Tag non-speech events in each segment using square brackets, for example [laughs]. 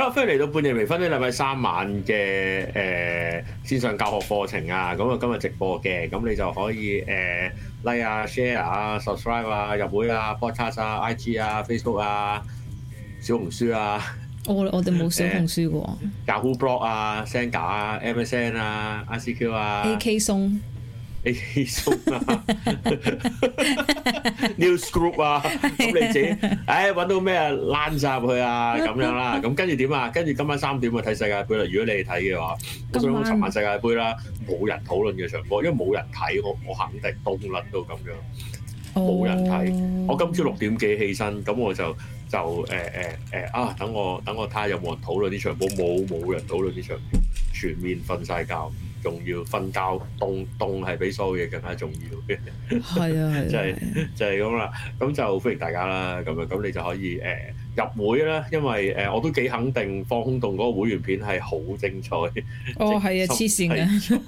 好啦，歡迎嚟到半夜微醺呢個禮拜三晚嘅誒線上教學課程啊！咁啊，今日直播嘅，咁你就可以誒、呃、like 啊、share 啊、subscribe 啊、入會啊、Podcast 啊、IG 啊、Facebook 啊、小紅書啊。我我哋冇小紅書嘅、啊。 [laughs] 啊、Yahoo Blog 啊、Xanga 啊、MSN 啊、ICQ 啊。A K 松。輕鬆啊，news group 啊，咁 [laughs] 你自己，唉、哎，揾到咩爛晒去啊，咁樣啦，咁、嗯嗯嗯、跟住點啊？跟住今晚三點去睇世界杯啦。如果你哋睇嘅話，晚我想尋晚世界杯啦，冇人討論嘅場波，因為冇人睇，我我肯定冬甩都咁樣，冇人睇。哦、我今朝六點幾起身，咁我就就誒誒誒，啊，等我等我睇下有冇人討論啲場波，冇冇人討論啲場波，全面瞓晒覺。要重要，瞓覺凍凍係比所有嘢更加重要。係啊，就係就係咁啦。咁就歡迎大家啦。咁樣咁你就可以誒。呃入會啦，因為誒、呃、我都幾肯定放空洞嗰個會員片係好精彩。哦，係啊心，黐線嘅，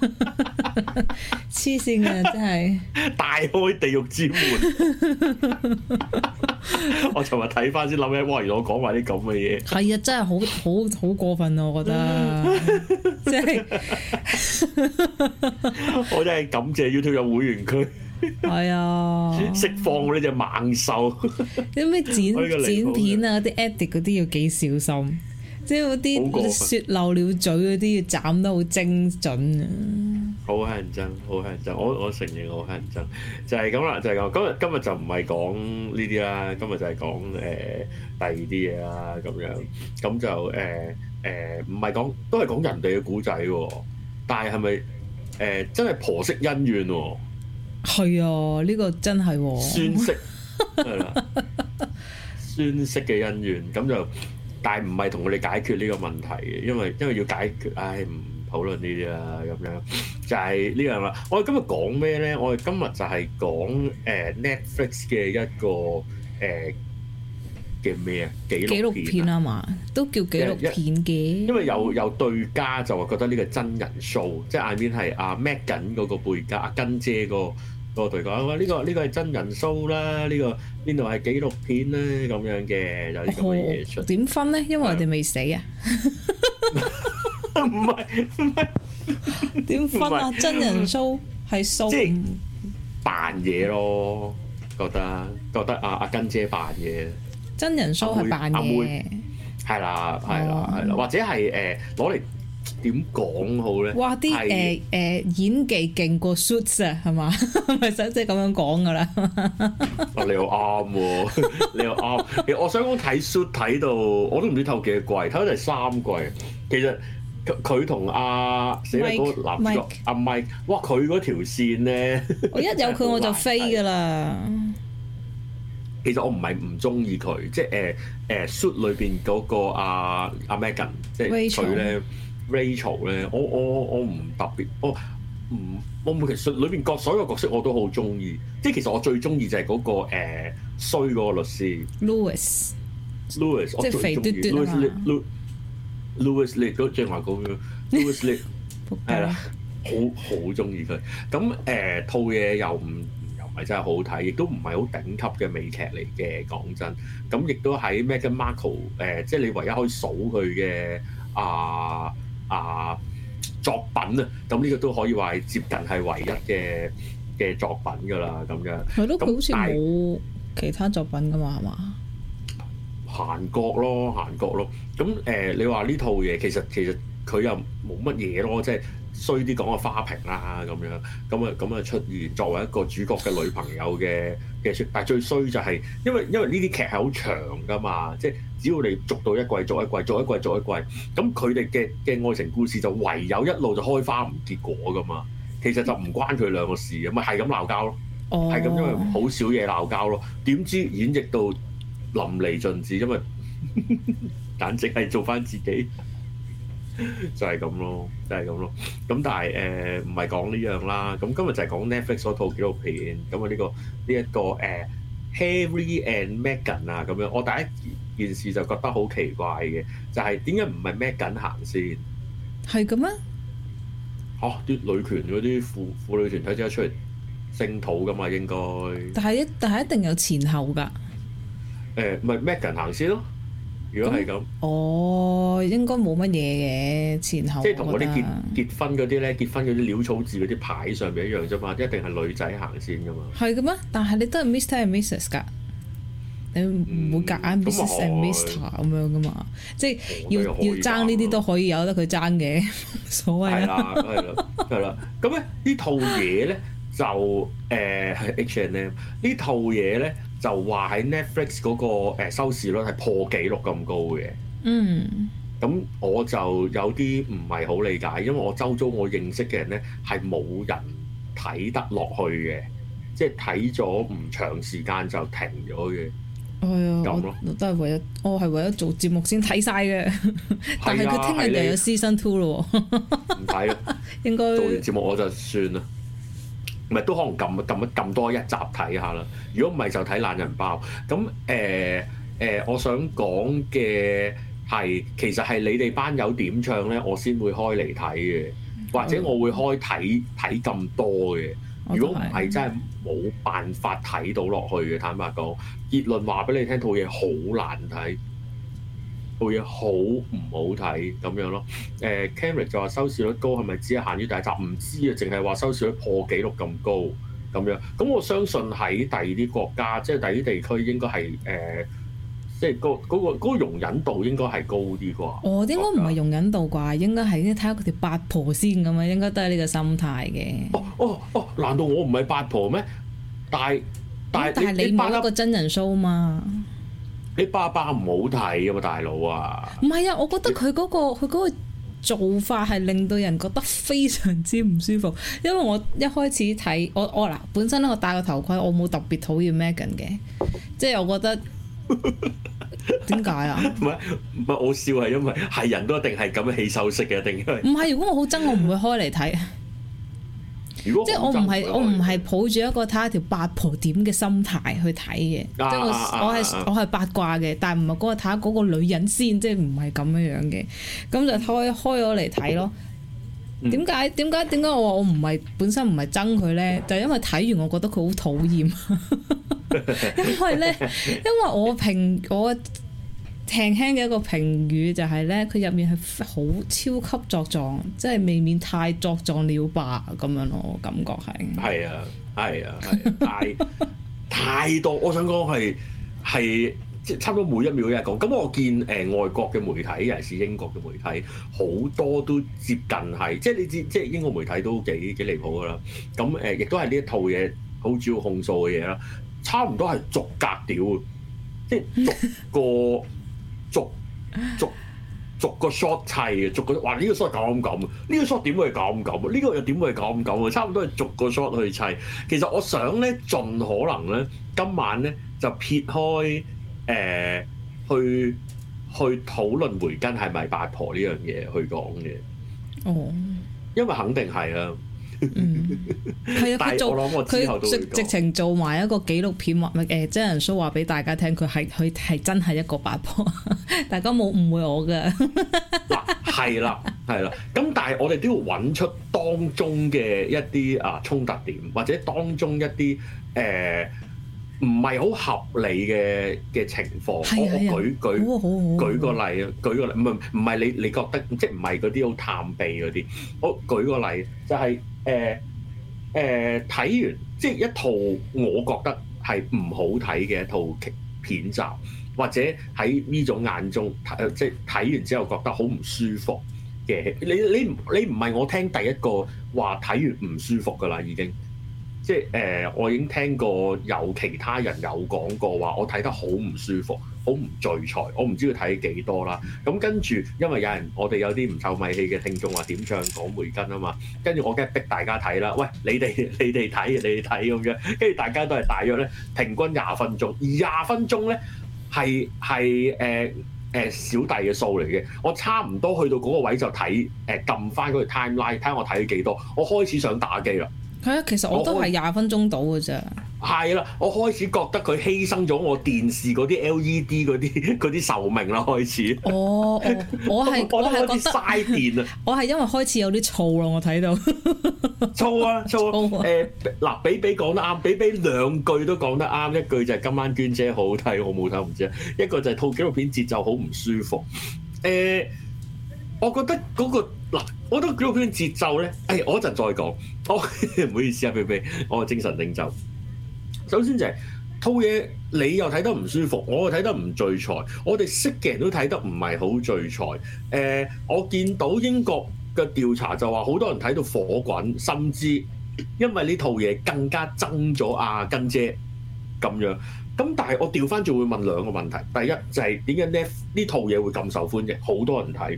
黐線嘅真係大開地獄之門。 [laughs] [laughs] 我尋日睇翻先諗起，哇、哦！原來我講埋啲咁嘅嘢。係啊，真係好好好過分啊！我覺得，即係我真係感謝 YouTube 有會員區。係啊，釋放呢隻猛獸。有咩剪剪片啊？啲 edit 嗰啲要幾小心，即係嗰啲雪漏了嘴嗰啲要斬得好精準。好乞人憎，好乞人憎。我我承認好乞人憎，就係咁啦，就係咁。今日今日就唔係講呢啲啦，今日就係講誒第二啲嘢啦，咁樣咁就誒誒唔係講，都係講人哋嘅古仔。但係係咪誒真係婆媳恩怨？係啊，呢個真係，宣洩係啦，宣洩嘅恩怨咁就，但係唔係同我哋解決呢個問題嘅，因為因為要解決，唉唔討論呢啲啦，咁樣就係呢樣啦。我哋今日講咩咧？我哋今日就係講誒 Netflix 嘅一個誒嘅咩啊，紀錄片啊嘛，都叫紀錄片嘅。因為有有對家就話覺得呢個真人 show，即係 I mean 係啊 Meghan 嗰個背家啊根姐個。我同你講，呢個呢個係真人 show 啦，呢個邊度係紀錄片咧？咁樣嘅，有啲咁嘅嘢出。點分咧？因為我哋未死啊！唔係唔係點分啊？真人 show 係 show，即係扮嘢咯。覺得覺得啊阿根姐扮嘢，真人 show 係扮嘢，阿妹係啦係啦係啦，或者係誒攞嚟。點講好咧？呢哇！啲誒誒演技勁過 Suits 啊，係嘛？咪使即係咁樣講噶啦。你又啱喎，你又啱。其實我想講睇 Suits 睇到我都唔知透幾多季，睇到第三季。其實佢同阿死啦嗰男主角阿麥，Mike. 啊、Mike, 哇！佢嗰條線咧，我一有佢 [laughs] 我就飛噶啦。其實我唔係唔中意佢，即係誒誒 Suits 裏邊嗰個阿、啊啊啊啊、Megan，即係佢咧。Rachel 咧，我我我唔特別，我唔我每其實裏邊各所有角色我都好中意，即係其實我最中意就係嗰、那個誒、呃、衰個律師 Louis，Louis 我最中意 Louis Louis Louis Lee 嗰個話咁樣 Louis Lee，係啦，嗯、好好中意佢。咁誒套嘢又唔又唔係真係好睇，亦都唔係好頂級嘅美劇嚟嘅。講真，咁、嗯、亦都喺 Meghan Markle 誒、呃，即係你唯一可以數佢嘅啊。啊作品啊，咁呢個都可以話係接近係唯一嘅嘅作品㗎啦，咁樣係咯，佢 [music] 那好似冇其他作品㗎嘛，係嘛但？韓國咯，韓國咯，咁誒，呃、 [music] 你話呢套嘢其實其實佢又冇乜嘢咯，即係。衰啲講個花瓶啦、啊，咁樣咁啊咁啊出現作為一個主角嘅女朋友嘅嘅，但係最衰就係因為因為呢啲劇係好長噶嘛，即係只要你續到一季續一季續一季續一季，咁佢哋嘅嘅愛情故事就唯有一路就開花唔結果噶嘛，其實就唔關佢兩個事嘅，咪係咁鬧交咯，係咁、oh。因為好少嘢鬧交咯，點知演繹到淋漓盡致，因為 [laughs] 簡直係做翻自己。 [laughs] 就係咁咯，就係、是、咁咯。咁但係誒，唔係講呢樣啦。咁今日就係講 Netflix 嗰套紀錄片。咁啊呢個呢一、這個誒、呃、Harry and Meghan 啊，咁樣我第一件事就覺得好奇怪嘅，就係、是、點解唔係 Meghan 行先？係噶咩？吓、啊，啲女權嗰啲婦婦女團體即係出嚟聲討噶嘛？應該？但係一但係一定有前後噶。誒、呃，咪、就是、Meghan 行先咯。如果係咁，哦，應該冇乜嘢嘅前後。即係同我啲結結婚嗰啲咧，結婚嗰啲潦草字嗰啲牌上面一樣啫嘛，一定係女仔行先噶嘛。係噶咩？但係你都係 Mr. and Mrs. 噶，你唔會夾硬 Mrs. and Mr. 咁樣噶嘛？即係要要爭呢啲都可以有得佢爭嘅，所謂。係啦，係啦，係啦。咁咧呢套嘢咧就誒係 H and M 呢套嘢咧。就話喺 Netflix 嗰個誒收視率係破紀錄咁高嘅，嗯，咁我就有啲唔係好理解，因為我周遭我認識嘅人咧係冇人睇得落去嘅，即係睇咗唔長時間就停咗嘅。係啊、哎呀，我都係為咗我係為咗做節目先睇晒嘅， [laughs] 但係佢聽日就有 s e a、啊、Season Two 咯喎，唔睇，應該做完節目我就算啦。咪都可能撳撳撳多一集睇下啦。如果唔係就睇懶人包。咁誒誒，我想講嘅係，其實係你哋班友點唱呢？我先會開嚟睇嘅。或者我會開睇睇咁多嘅。如果唔係真係冇辦法睇到落去嘅，坦白講，結論話俾你聽，套嘢好難睇。部嘢好唔好睇咁樣咯？誒、uh，Cambridge 就話收視率高係咪只係限於大集？唔知啊，淨係話收視率破紀錄咁高咁樣。咁我相信喺第二啲國家，即係第二啲地區，應該係誒、呃，即係嗰嗰個容忍度應該係高啲啩。哦，應該唔係容忍度啩，應該係咧，睇下佢條八婆先咁啊，應該都係呢個心態嘅。哦哦哦，難道我唔係八婆咩？但係，但係你買一個真人 show 嘛？你爸爸唔好睇啊嘛，大佬啊！唔係啊，我覺得佢嗰、嗰個佢你個做法係令到人覺得非常之唔舒服。因為我一開始睇我我嗱，本身咧我戴個頭盔，我冇特別討厭 Megan 嘅，即係我覺得點解啊？唔係唔係，我笑係因為係人都一定係咁樣起手式嘅，定因唔係？如果我好憎，我唔會開嚟睇。 [laughs] 即係我唔係 [music] 我唔係抱住一個睇下條八婆點嘅心態去睇嘅，啊，即係我係我係八卦嘅，但係唔係嗰個睇下嗰個女人先，即係唔係咁樣樣嘅，咁就開開我嚟睇咯。點解點解點解我話我唔係本身唔係憎佢咧？就係，因為睇完我覺得佢好討厭， [laughs] 因為咧，因為我平我。輕輕嘅一個評語就係咧，佢入面係好超級作狀，即係未免太作狀了吧咁樣咯，我感覺係。係啊，係啊，啊，但啊， [laughs] 太多，我想講係係即係差唔多每一秒一講。咁我見誒、呃、外國嘅媒體，尤其是英國嘅媒體，好多都接近係即係你知，即係英國媒體都幾幾離譜㗎啦。咁誒、呃、亦都係呢一套嘢好主要控訴嘅嘢啦，差唔多係逐格屌，即係逐個。 [laughs] 逐逐逐個 shot 砌嘅，逐個話呢個 shot 咁咁，呢個 shot 點會咁咁？呢個又點會咁咁？差唔多係逐個 shot 去砌。其實我想咧，盡可能咧，今晚咧就撇開誒、呃、去去討論梅根係咪八婆呢樣嘢去講嘅。哦，因為肯定係啊。嗯，係啊，佢但 做佢直情做埋一個紀錄片話，唔係誒真人 show 話俾大家聽，佢係佢係真係一個八婆， [laughs] 大家冇誤會我噶、啊。嗱 [laughs] 係啦，係啦，咁但係我哋都要搵出當中嘅一啲啊衝突點，或者當中一啲誒。啊唔係好合理嘅嘅情況，的我舉的舉的舉個例啊的，舉個例，唔唔唔係你你覺得即唔係嗰啲好探秘嗰啲，我舉個例就係誒誒睇完即一套我覺得係唔好睇嘅一套劇片集，或者喺呢種眼中睇，即睇完之後覺得好唔舒服嘅，你你你唔係我聽第一個話睇完唔舒服㗎喇已經。即係誒、呃，我已經聽過有其他人有講過話，我睇得好唔舒服，好唔聚財。我唔知佢睇幾多啦。咁跟住，因為有人，我哋有啲唔受米氣嘅聽眾話點唱《講梅根》啊嘛。跟住我梗係逼大家睇啦。喂，你哋你哋睇，你哋睇咁樣。跟住大家都係大約咧，平均廿分鐘。而廿分鐘咧係係誒誒小弟嘅數嚟嘅。我差唔多去到嗰個位就睇誒撳翻嗰個 time line 睇下我睇咗幾多。我開始想打機啦。係啊，其實我都係廿分鐘到嘅啫。係啦， [laughs] 我開始覺得佢犧牲咗我電視嗰啲 LED 嗰啲嗰啲壽命啦，開始。哦、oh, oh, [laughs] 我係 [laughs] 我都係覺得嘥電啊！ [laughs] 我係因為開始有啲燥咯，我睇到燥啊燥啊！誒、啊，嗱、啊， [laughs] 比比講得啱，比比兩句都講得啱，一句就係今晚根姐好睇，我冇睇唔知啊。一個就係套紀錄片節奏好唔舒服。誒、 [laughs] 呃，我覺得嗰、那個嗱，我覺得紀錄片節奏咧，誒、欸欸欸欸欸欸欸，我一陣再講。哦，唔、oh, [laughs] 好意思啊，菲菲，我嘅精神領袖。首先就係、是、套嘢，你又睇得唔舒服，我又睇得唔聚財，我哋識嘅人都睇得唔係好聚財。誒、呃，我見到英國嘅調查就話，好多人睇到火滾，甚至因為呢套嘢更加憎咗阿根姐咁樣。咁但係我調翻轉就會問兩個問題，第一就係點解呢呢套嘢會咁受歡迎，好多人睇。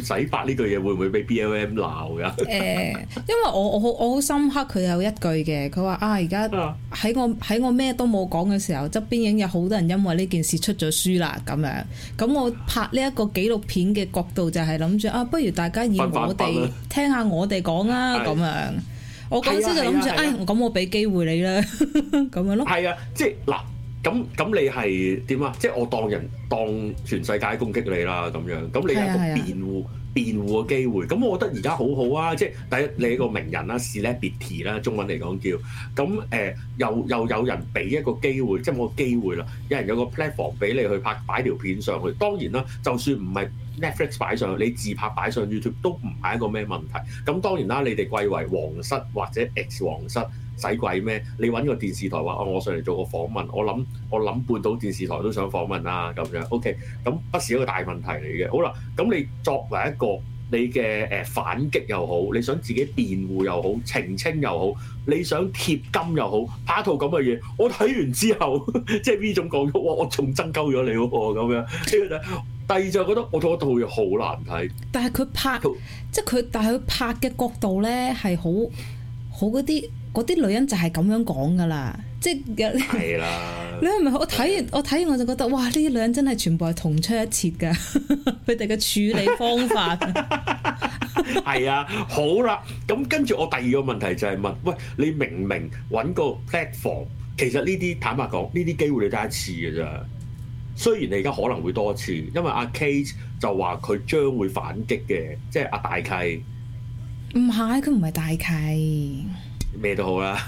洗白呢句嘢會唔會俾 BLM 鬧㗎？誒、欸，因為我我好我好深刻佢有一句嘅，佢話啊，而家喺我喺我咩都冇講嘅時候，側邊已經有好多人因為呢件事出咗書啦咁樣。咁我拍呢一個紀錄片嘅角度就係諗住啊，不如大家以我哋聽下我哋講啦。」咁樣。我嗰陣時就諗住唉，咁、啊啊啊哎、我俾機會你啦，咁樣咯。係啊，即係嗱。咁咁，你係點啊？即係我當人當全世界攻擊你啦咁樣，咁你係一個辯護的辯護嘅機會。咁我覺得而家好好啊，即係第一你係個名人啦 celebrity 啦，中文嚟講叫。咁誒、呃、又又有人俾一個機會，即冇個機會啦，有人有個 platform 俾你去拍擺條片上去。當然啦，就算唔係 Netflix 擺上去，你自拍擺上 YouTube 都唔係一個咩問題。咁當然啦，你哋貴為皇室或者 X 皇室。使鬼咩？你揾個電視台話啊、哦，我上嚟做個訪問。我諗我諗半島電視台都想訪問啦，咁樣 OK。咁不是一個大問題嚟嘅。好啦，咁你作為一個你嘅誒反擊又好，你想自己辯護又好，澄清又好，你想貼金又好，拍套咁嘅嘢，我睇完之後，即係 V 總講咗，哇！我仲爭鳩咗你嗰個咁樣。第二就覺得我睇嗰套嘢好難睇， [laughs] 但係佢拍即係佢，但係佢拍嘅角度咧係好好啲。我啲女人就係咁樣講噶啦，即係，的 [laughs] 你係咪？的我睇完，的我睇完我就覺得，哇！呢啲女人真係全部係同出一轍噶，佢哋嘅處理方法。係啊，好啦，咁跟住我第二個問題就係問，喂，你明明搵個 platform，其實呢啲坦白講，呢啲機會你得一次噶咋？雖然你而家可能會多次，因為阿 Cage 就話佢將會反擊嘅，即係阿大契。唔係，佢唔係大契。咩都好啦，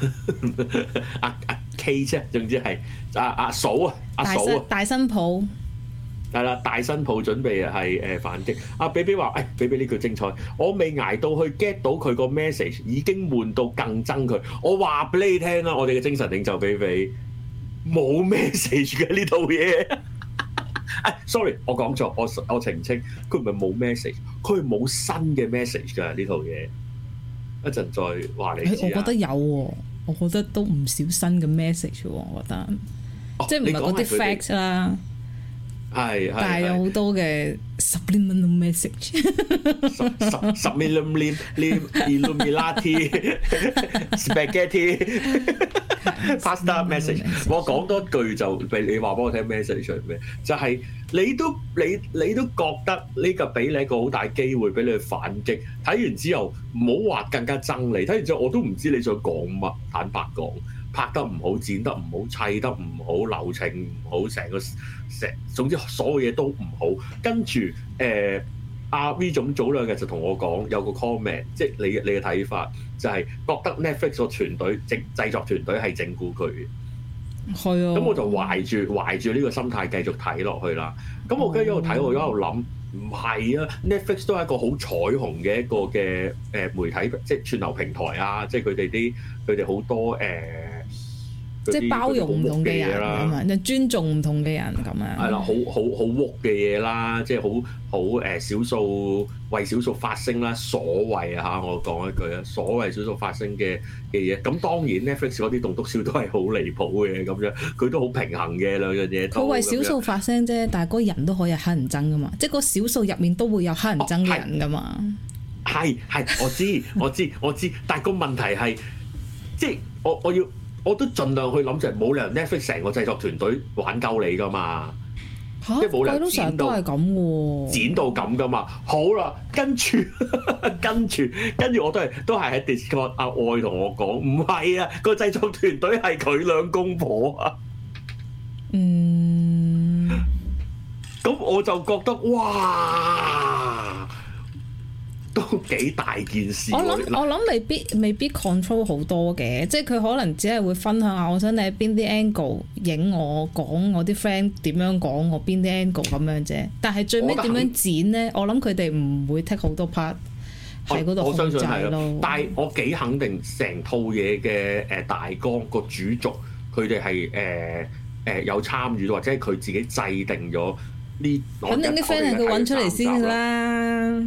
阿阿 K 啫，總之係阿阿嫂啊，阿嫂啊，大新抱係啦，大新抱準備係誒反擊。阿比比話，誒，比比呢句精彩，我未挨到去 get 到佢個 message，已經悶到更憎佢。我話俾你聽啦，我哋嘅精神領袖比比冇咩 message 嘅呢套嘢。誒，sorry，我講錯，我我澄清，佢唔係冇 message，佢係冇新嘅 message 噶呢套嘢。一陣再話你。我覺得有喎、啊，我覺得都唔少新嘅 message 喎，我覺得，哦、即係唔係嗰啲 facts 啦、啊。係係 [music] 但係有好多嘅 subliminal message，十 m l l i m t e spaghetti pasta message。 [music] 我講多句就俾你話幫我聽 message 出嚟咩？就係你都你你都覺得呢個俾你一個好大機會俾你去反擊。睇完之後唔好話更加憎你。睇完之後我都唔知你想講乜，坦白講。拍得唔好，剪得唔好，砌得唔好，流程唔好，成個，成，總之所有嘢都唔好。跟住誒，阿、呃、V 總早兩日就同我講有個 comment，即係你你嘅睇法，就係、是、覺得 Netflix 個團隊即係製作團隊係整蠱佢嘅。係啊。咁我就懷住懷住呢個心態繼續睇落去啦。咁我跟喺度睇，我喺度諗，唔係啊！Netflix 都係一個好彩虹嘅一個嘅誒、呃、媒體，即係串流平台啊！即係佢哋啲佢哋好多誒。呃即係包容唔同嘅人，咁啊，尊重唔同嘅人咁樣。係啦，好好好惡嘅嘢啦，即係好好誒少數為少數發聲啦。所謂啊，我講一句啊，所謂少數發聲嘅嘅嘢。咁當然 Netflix 嗰啲棟篤笑都係好離譜嘅咁樣，佢都好平衡嘅兩樣嘢。佢為少數發聲啫，但係嗰人都可以有乞人憎噶嘛，即係個少數入面都會有乞人憎嘅人噶、啊、嘛。係係，我知我知我知，但係個問題係， [laughs] 即係我我，我要。我要我都盡量去諗，就係冇理由 Netflix 成個製作團隊玩鳩你噶嘛，嚇！即係冇理由剪到係咁嘅，剪到咁噶嘛。好啦，跟住跟住跟住我都係都係喺 Discord 啊，阿愛同我講唔係啊，個製作團隊係佢兩公婆啊。嗯，咁我就覺得哇！都幾 [laughs] 大件事。我諗想、啊、我諗未必未必 control 好多嘅，即係佢可能只係會分享下，我想你喺邊啲 angle 影我，講我啲 friend 點樣講我邊啲 angle 咁樣啫。但係最尾點樣剪呢？我諗佢哋唔會 take 好多 part 喺嗰度控制咯。但係我幾肯定成套嘢嘅誒大綱個主軸，佢哋係誒誒有參與，或者係佢自己制定咗呢。肯定啲 friend 係佢揾出嚟先㗎啦。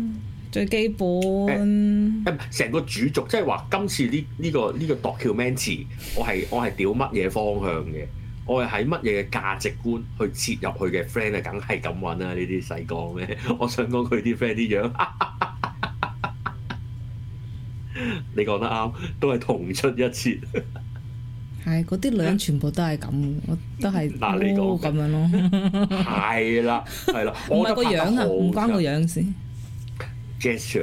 最基本誒成、哎哎、個主軸，即係話今次呢呢、呢個呢、呢個 documentary，我係我係屌乜嘢方向嘅，我係喺乜嘢嘅價值觀去切入去嘅 friend 啊，梗係咁揾啦，呢啲細講咩？我想講佢啲 friend 啲樣， [laughs] 你講得啱，都係同出一轍。係嗰啲女人全部都係咁，啊、我都係嗱你咁樣咯，係啦係啦，唔係個樣啊，唔關個樣事。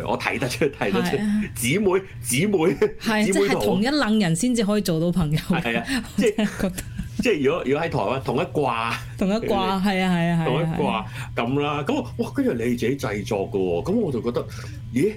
我睇得出，睇得出姊妹、姊妹，即係同一撚人先至可以做到朋友。係啊，即係即係如果如果喺台灣同一掛，同一掛，係啊係啊係同一掛咁啦，咁哇，跟住你自己製作嘅喎，咁我就覺得，咦，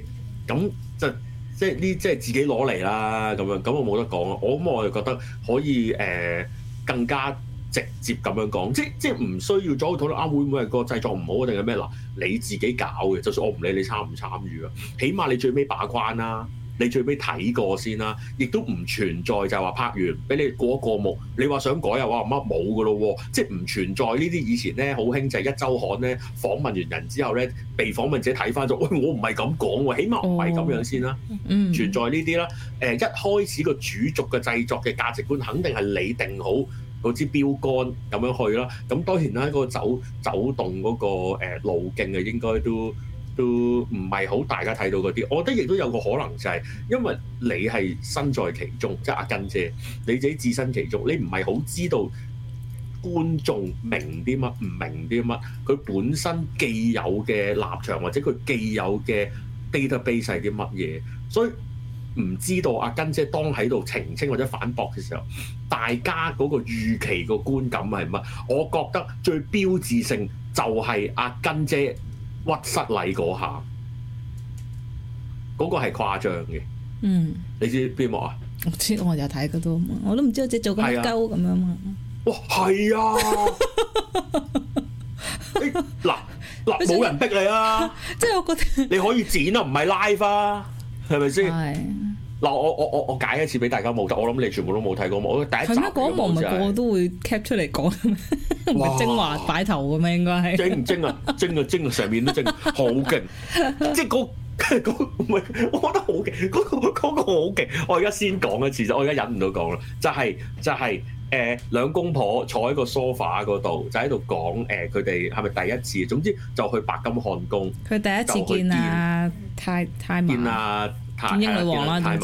咁就即係呢，即係自己攞嚟啦咁樣，咁我冇得講啊。我咁我就覺得可以誒、呃、更加。直接咁樣講，即即唔需要再去討論啊？會唔會係個製作唔好定係咩嗱？你自己搞嘅，就算我唔理你參唔參與啊，起碼你最尾把關啦、啊，你最尾睇過先啦、啊，亦都唔存在就話拍完俾你過一過目，你話想改又話乜冇㗎咯喎？即唔存在呢啲以前呢好興就係壹週刊呢訪問完人之後呢，被訪問者睇翻咗，喂我唔係咁講喎，起碼唔係咁樣先啦、啊。哦嗯、存在呢啲啦，一開始個主軸嘅製作嘅價值觀肯定係你定好。嗰支標杆咁樣去啦，咁當然啦，個走走動嗰個誒路徑啊，應該都都唔係好大家睇到嗰啲。我覺得亦都有個可能就係，因為你係身在其中，即係阿根姐你自己置身其中，你唔係好知道觀眾明啲乜唔明啲乜，佢本身既有嘅立場或者佢既有嘅 database 係啲乜嘢，所以。唔知道阿根姐當喺度澄清或者反駁嘅時候，大家嗰個預期個觀感係乜？我覺得最標誌性就係阿根姐屈膝禮嗰下，嗰、嗰個係誇張嘅。嗯，你知邊幕啊？我知，我就睇嗰度，我都唔知我只做咁鳩咁樣嘛。哇，係啊！嗱嗱，冇人逼你啊！即係我覺得你可以剪啊，唔係 live。 [laughs] [laughs] 係咪先？嗱是，我我我我解一次俾大家冇得，我諗你全部都冇睇過。我第一集，係咩嗰一我都會 cap 出嚟講精華擺頭咁啊，應該係精唔精啊？精啊精啊，上面都精，好勁！ [laughs] 即係嗰唔係， [laughs] 我覺得好勁嗰嗰嗰個好勁、那個。我而家先講一次啫，我而家忍唔到講啦，就係、是、就係、是。誒兩公婆坐喺個 sofa 嗰度就喺度講誒佢哋係咪第一次？總之就去白金漢宮，佢第一次見啊太太，見阿英女王啦，太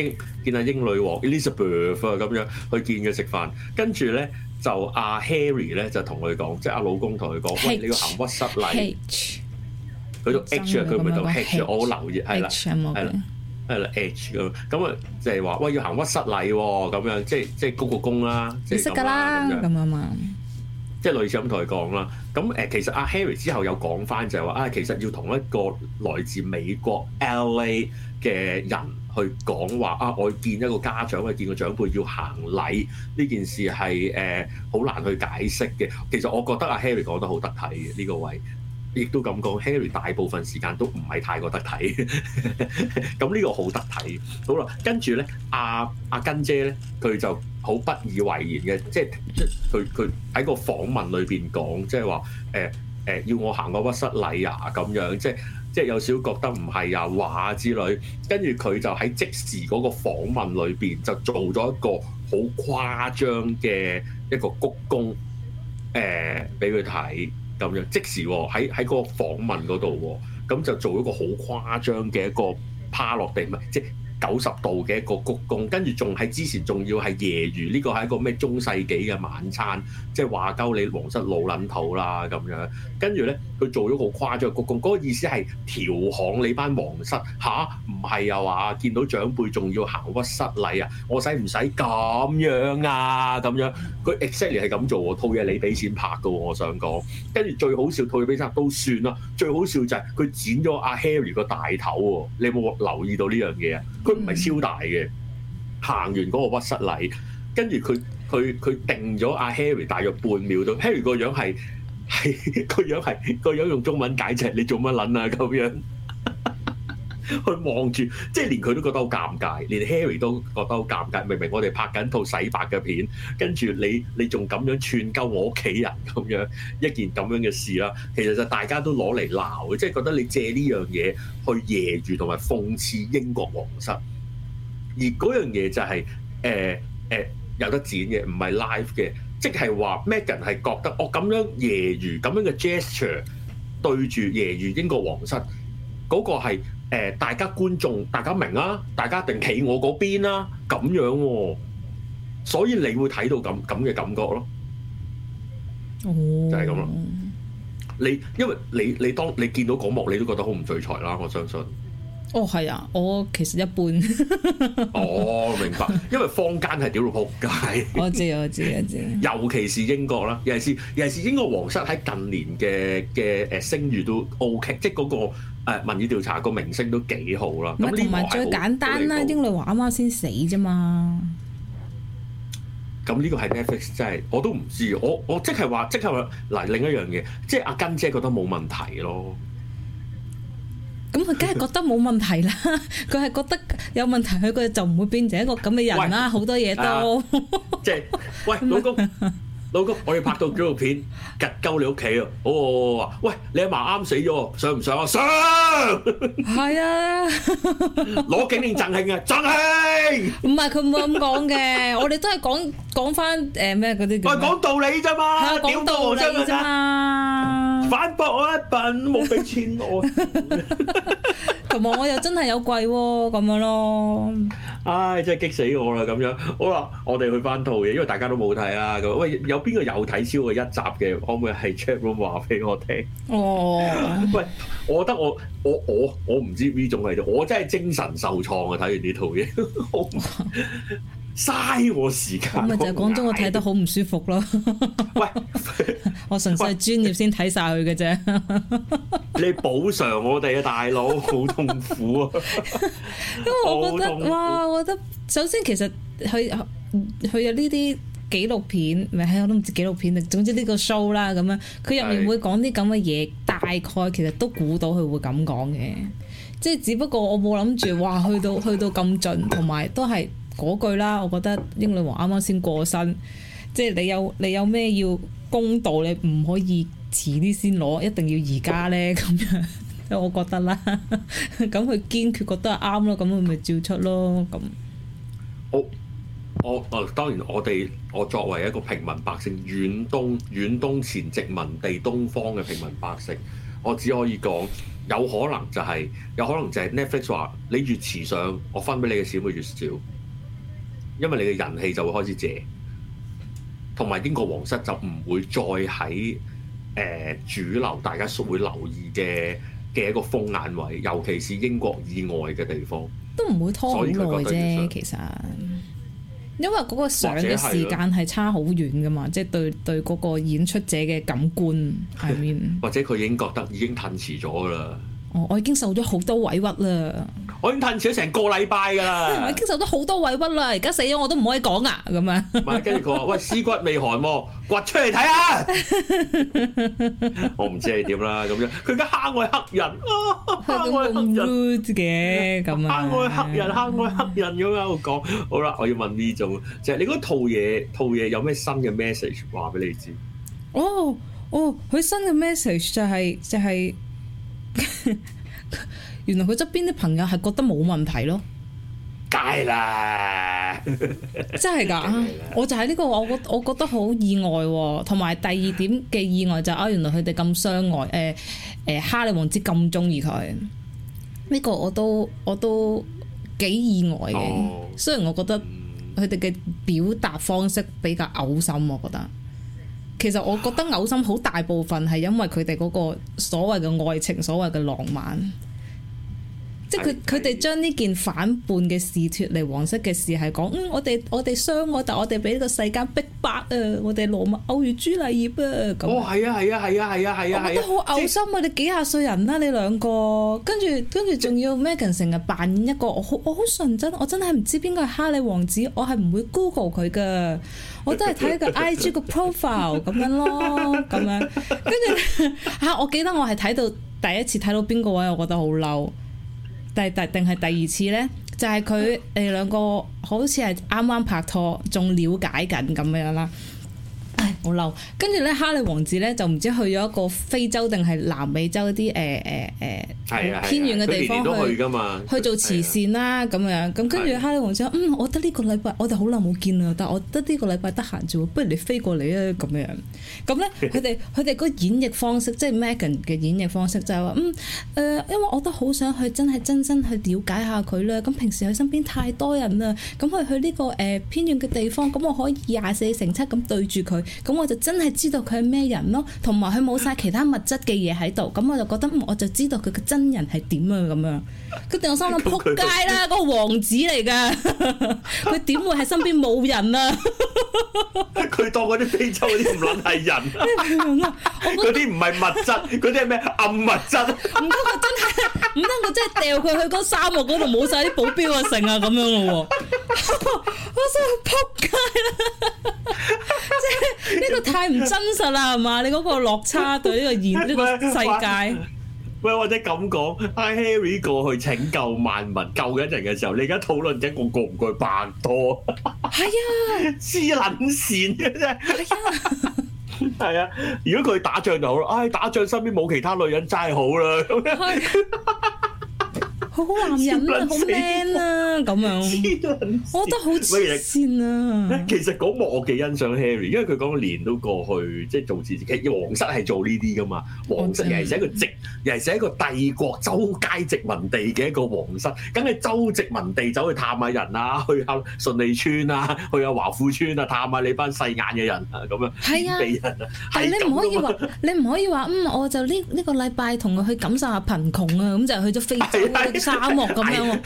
英見啊英女王 Elizabeth 咁樣去見佢食飯，跟住咧就阿 Harry 咧就同佢講，即係阿老公同佢講，喂你要行屈膝禮，佢讀 H 佢唔係讀 H，我好留意係啦，係。係啦，H 嘅咁，啊，就係話，喂，要行屈失禮喎，咁樣，即係即係鞠個躬啦。你識㗎啦，咁樣嘛，即係類似咁同佢講啦。咁誒，其實阿 Harry 之後有講返，就係話啊，其實要同一個來自美國 LA 嘅人去講話啊，我見一個家長，我見個長輩要行禮呢件事係誒好難去解釋嘅。其實我覺得阿 Harry 講得好得體嘅呢個位。亦都咁講，Harry 大部分時間都唔係太過得體。咁呢個好得體。好啦，跟住咧，阿、啊、阿、啊、根姐咧，佢就好不以為然嘅，即係即佢佢喺個訪問裏邊講，即係話誒誒要我行個屈膝禮啊咁樣，即係即係有少少覺得唔係啊話、啊、之類，跟住佢就喺即時嗰個訪問裏邊就做咗一個好誇張嘅一個鞠躬誒俾佢睇。欸咁樣即時喺喺個訪問嗰度喎，咁就做一個好誇張嘅一個趴落地，唔係即，九十度嘅一個鞠躬，跟住仲喺之前仲要係夜餘呢個係一個咩中世紀嘅晚餐，即係話鳩你皇室老撚肚啦咁樣，跟住咧佢做咗個誇張鞠躬，嗰、那個意思係調侃你班皇室吓，唔係又話見到長輩仲要行屈膝禮啊，我使唔使咁樣啊咁樣？佢 exactly 係咁做喎，套嘢你俾錢拍㗎喎，我想講，跟住最好笑套嘢俾晒都算啦，最好笑就係佢剪咗阿 Harry 個大頭喎，你有冇留意到呢樣嘢啊？佢唔係超大嘅，行完嗰個屈膝禮，跟住佢佢佢定咗阿 Harry 大約半秒到，Harry 個樣係係個樣係個樣，樣用中文解啫，就係、你做乜撚啊咁樣？去望住，即係連佢都覺得好尷尬，連 Harry 都覺得好尷尬。明明，我哋拍緊套洗白嘅片，跟住你你仲咁樣串鳩我屋企人咁樣一件咁樣嘅事啦。其實就大家都攞嚟鬧，即係覺得你借呢樣嘢去揶揄同埋諷刺英國皇室。而嗰樣嘢就係誒誒有得剪嘅，唔係 live 嘅，即係話 Megan 係覺得我咁、哦、樣揶揄，咁樣嘅 gesture 對住揶揄英國皇室嗰、嗰個係。誒，大家觀眾，大家明啊，大家一定企我嗰邊啦，啊，咁樣喎，啊，所以你會睇到咁咁嘅感覺咯，oh. 就係咁咯，你因為你你當你見到嗰幕，你都覺得好唔聚財啦，我相信。哦，係啊，我其實一般。 [laughs] 哦，明白，因為坊間係屌到仆街。我知，我知，我知。尤其是英國啦，尤其是尤其是英國皇室喺近年嘅嘅誒聲譽都傲、OK, k 即係嗰、那個、呃、民意調查個名聲都幾好啦。咁呢麼個最簡單啦，英女王阿媽先死啫嘛。咁呢個係 Netflix 真係我都唔知，我我，我即係話即係話嗱另一樣嘢，即係阿、啊、根姐覺得冇問題咯。咁佢梗係覺得冇問題啦，佢係覺得有問題，佢佢就唔會變成一個咁嘅人啦，好多嘢都。即係，喂老公，老公，我要拍到紀錄片，吉鳩你屋企啊！我我我話，喂，你阿嫲啱死咗，想唔想啊？想。係啊，攞景贈興啊，贈興。唔係佢唔會咁講嘅，我哋都係講講翻誒咩嗰啲。我講道理啫嘛，講道理啫嘛。反駁我一品冇俾錢我，同埋 [laughs] [laughs] 我又真係有貴喎咁樣咯。唉、哎，真係激死我啦！咁樣好啦，我哋去翻套嘢，因為大家都冇睇啦。咁喂，有邊個有睇超過一集嘅？可唔可以係 check room 話俾我聽？哦， [laughs] 喂，我覺得我我我我唔知 B 種係點，我真係精神受創啊！睇完呢套嘢。嘥我時間，咪就係講咗，我睇得好唔舒服咯。喂， [laughs] 我純粹係專業先睇晒佢嘅啫。你補償我哋嘅、啊、大佬好痛苦啊。 [laughs] 因為我覺得哇，我覺得首先其實佢佢有呢啲紀錄片咪係我都唔知紀錄片定，總之呢個 show 啦咁樣，佢入面會講啲咁嘅嘢，大概其實都估到佢會咁講嘅。即係只不過我冇諗住哇，去到去到咁盡，同埋都係。嗰句啦，我覺得英女王啱啱先過身，即係你有你有咩要公道，你唔可以遲啲先攞，一定要而家呢？咁樣。我覺得啦，咁佢堅決覺得係啱咯，咁佢咪照出咯咁。我我當然我哋我作為一個平民百姓，遠東遠東前殖民地東方嘅平民百姓，我只可以講有可能就係、是、有可能就係 Netflix 話你越遲上，我分俾你嘅錢會越少。因為你嘅人氣就會開始謝，同埋英國皇室就唔會再喺誒、呃、主流大家會留意嘅嘅一個風眼位，尤其是英國以外嘅地方都唔會拖好耐啫。其實，因為嗰個相嘅時間係差好遠噶嘛，即係對對嗰個演出者嘅感官係 [laughs] 或者佢已經覺得已經褪遲咗啦。我我已經受咗好多委屈啦，我已經吞住咗成個禮拜噶啦，我已經受咗好多委屈啦，而家、啊、 [laughs] 死咗我都唔可以講啊，咁 [laughs] 啊，跟住佢話喂，屍骨未寒喎，掘出嚟睇下， [laughs] 我唔知係點啦，咁樣佢而家蝦我黑人，蝦我黑人嘅，咁蝦我黑人，蝦我黑人咁喺度講，好啦，我要問呢種，就係、是、你嗰套嘢，套嘢有咩新嘅 message 話俾你知？哦，哦，佢新嘅 message 就係、是、就係、是。 [laughs] 原來佢側邊啲朋友係覺得冇問題咯，梗係啦， [laughs] 真係的噶，我就係呢個我我我覺得好意外，同埋第二點嘅意外就啊、是哦，原來佢哋咁相愛，誒、呃、誒、呃，哈利王子咁中意佢，呢、這個我都我都幾意外嘅，哦、雖然我覺得佢哋嘅表達方式比較嘔心，我覺得。其實我覺得嘔心好大部分係因為佢哋嗰個所謂嘅愛情，所謂嘅浪漫。即係佢，佢哋將呢件反叛嘅事脫離，皇室嘅事係講，嗯，我哋我哋傷我，但我哋俾呢個世間逼迫白、哦、啊，我哋羅密歐與朱麗葉啊，咁。哦，係啊，係啊，係啊，係啊，係啊。我覺得好嘔心即啊！你幾廿歲人啦，你兩個，跟住跟住仲要 Megan 成日扮演一個，即我好我好純真，我真係唔知邊個係哈利王子，我係唔會 Google 佢噶，我都係睇個 IG 個 profile 咁 [laughs] 樣咯，咁樣跟住吓，我記得我係睇到第一次睇到邊個位，我覺得好嬲。第第定係第二次咧，就係佢哋兩個好似係啱啱拍拖，仲了解緊咁樣啦。唉，好嬲！跟住咧，哈利王子咧就唔知去咗一個非洲定係南美洲啲誒誒誒偏遠嘅地方 [music] 去去做慈善啦咁樣。咁跟住哈利王子， [music] 嗯，我覺得呢個禮拜我哋好耐冇見啦，但我我覺得呢個禮拜得閒啫，不如你飛過嚟啊咁樣。咁咧，佢哋佢哋個演繹方式，即係 Megan 嘅演繹方式就係話，嗯誒、呃，因為我都好想去真係真心去了解下佢啦。咁平時佢身邊太多人啦，咁佢去呢、這個誒偏遠嘅地方，咁我可以廿四乘七咁對住佢。咁、嗯、我就真係知道佢係咩人咯，同埋佢冇晒其他物質嘅嘢喺度，咁、嗯、我就覺得我就知道佢嘅真人係點啊咁樣。跟住我心諗扑街啦，嗰個王子嚟噶，佢 [laughs] 點會喺身邊冇人啊？佢 [laughs] 當嗰啲非洲嗰啲唔卵係人。嗰啲唔係物質，嗰啲係咩暗物質？唔得佢真係，唔得 [laughs] 我，我真係掉佢去嗰沙漠嗰度冇晒啲保鏢啊成啊咁樣咯喎！我想扑街啦，即係。呢 [laughs] 個太唔真實啦，係嘛？你嗰個落差對呢個現呢 [laughs] 個世界，喂 [laughs] 或者咁講，喺 [laughs] Harry 過去拯救萬民，救緊人嘅時候，你而家討論緊個過唔過去？拜託，係啊，黐撚線嘅啫，係啊，係啊，如果佢打仗就好啦，唉、哎，打仗身邊冇其他女人真係好啦，咁樣。佢好男人啊，好 man 啊，咁樣，人我覺得好黐線啊！其實嗰幕我幾欣賞 Harry，因為佢講年都過去，即係做自己，自己。皇室係做呢啲㗎嘛？皇室又係寫個殖，又係寫一個帝國周街殖民地嘅一個皇室，梗係周殖民地走去探下人啊，去下順利村啊，去，下華，啊去下華富村啊，探下你班細眼嘅人啊，咁樣本地、啊、人啊。但係你唔可以話，你唔可以話，嗯，我就呢呢個禮拜同佢去感受下貧窮啊，咁就是、去咗非洲、嗯。 [laughs] [laughs] 沙漠咁樣喎，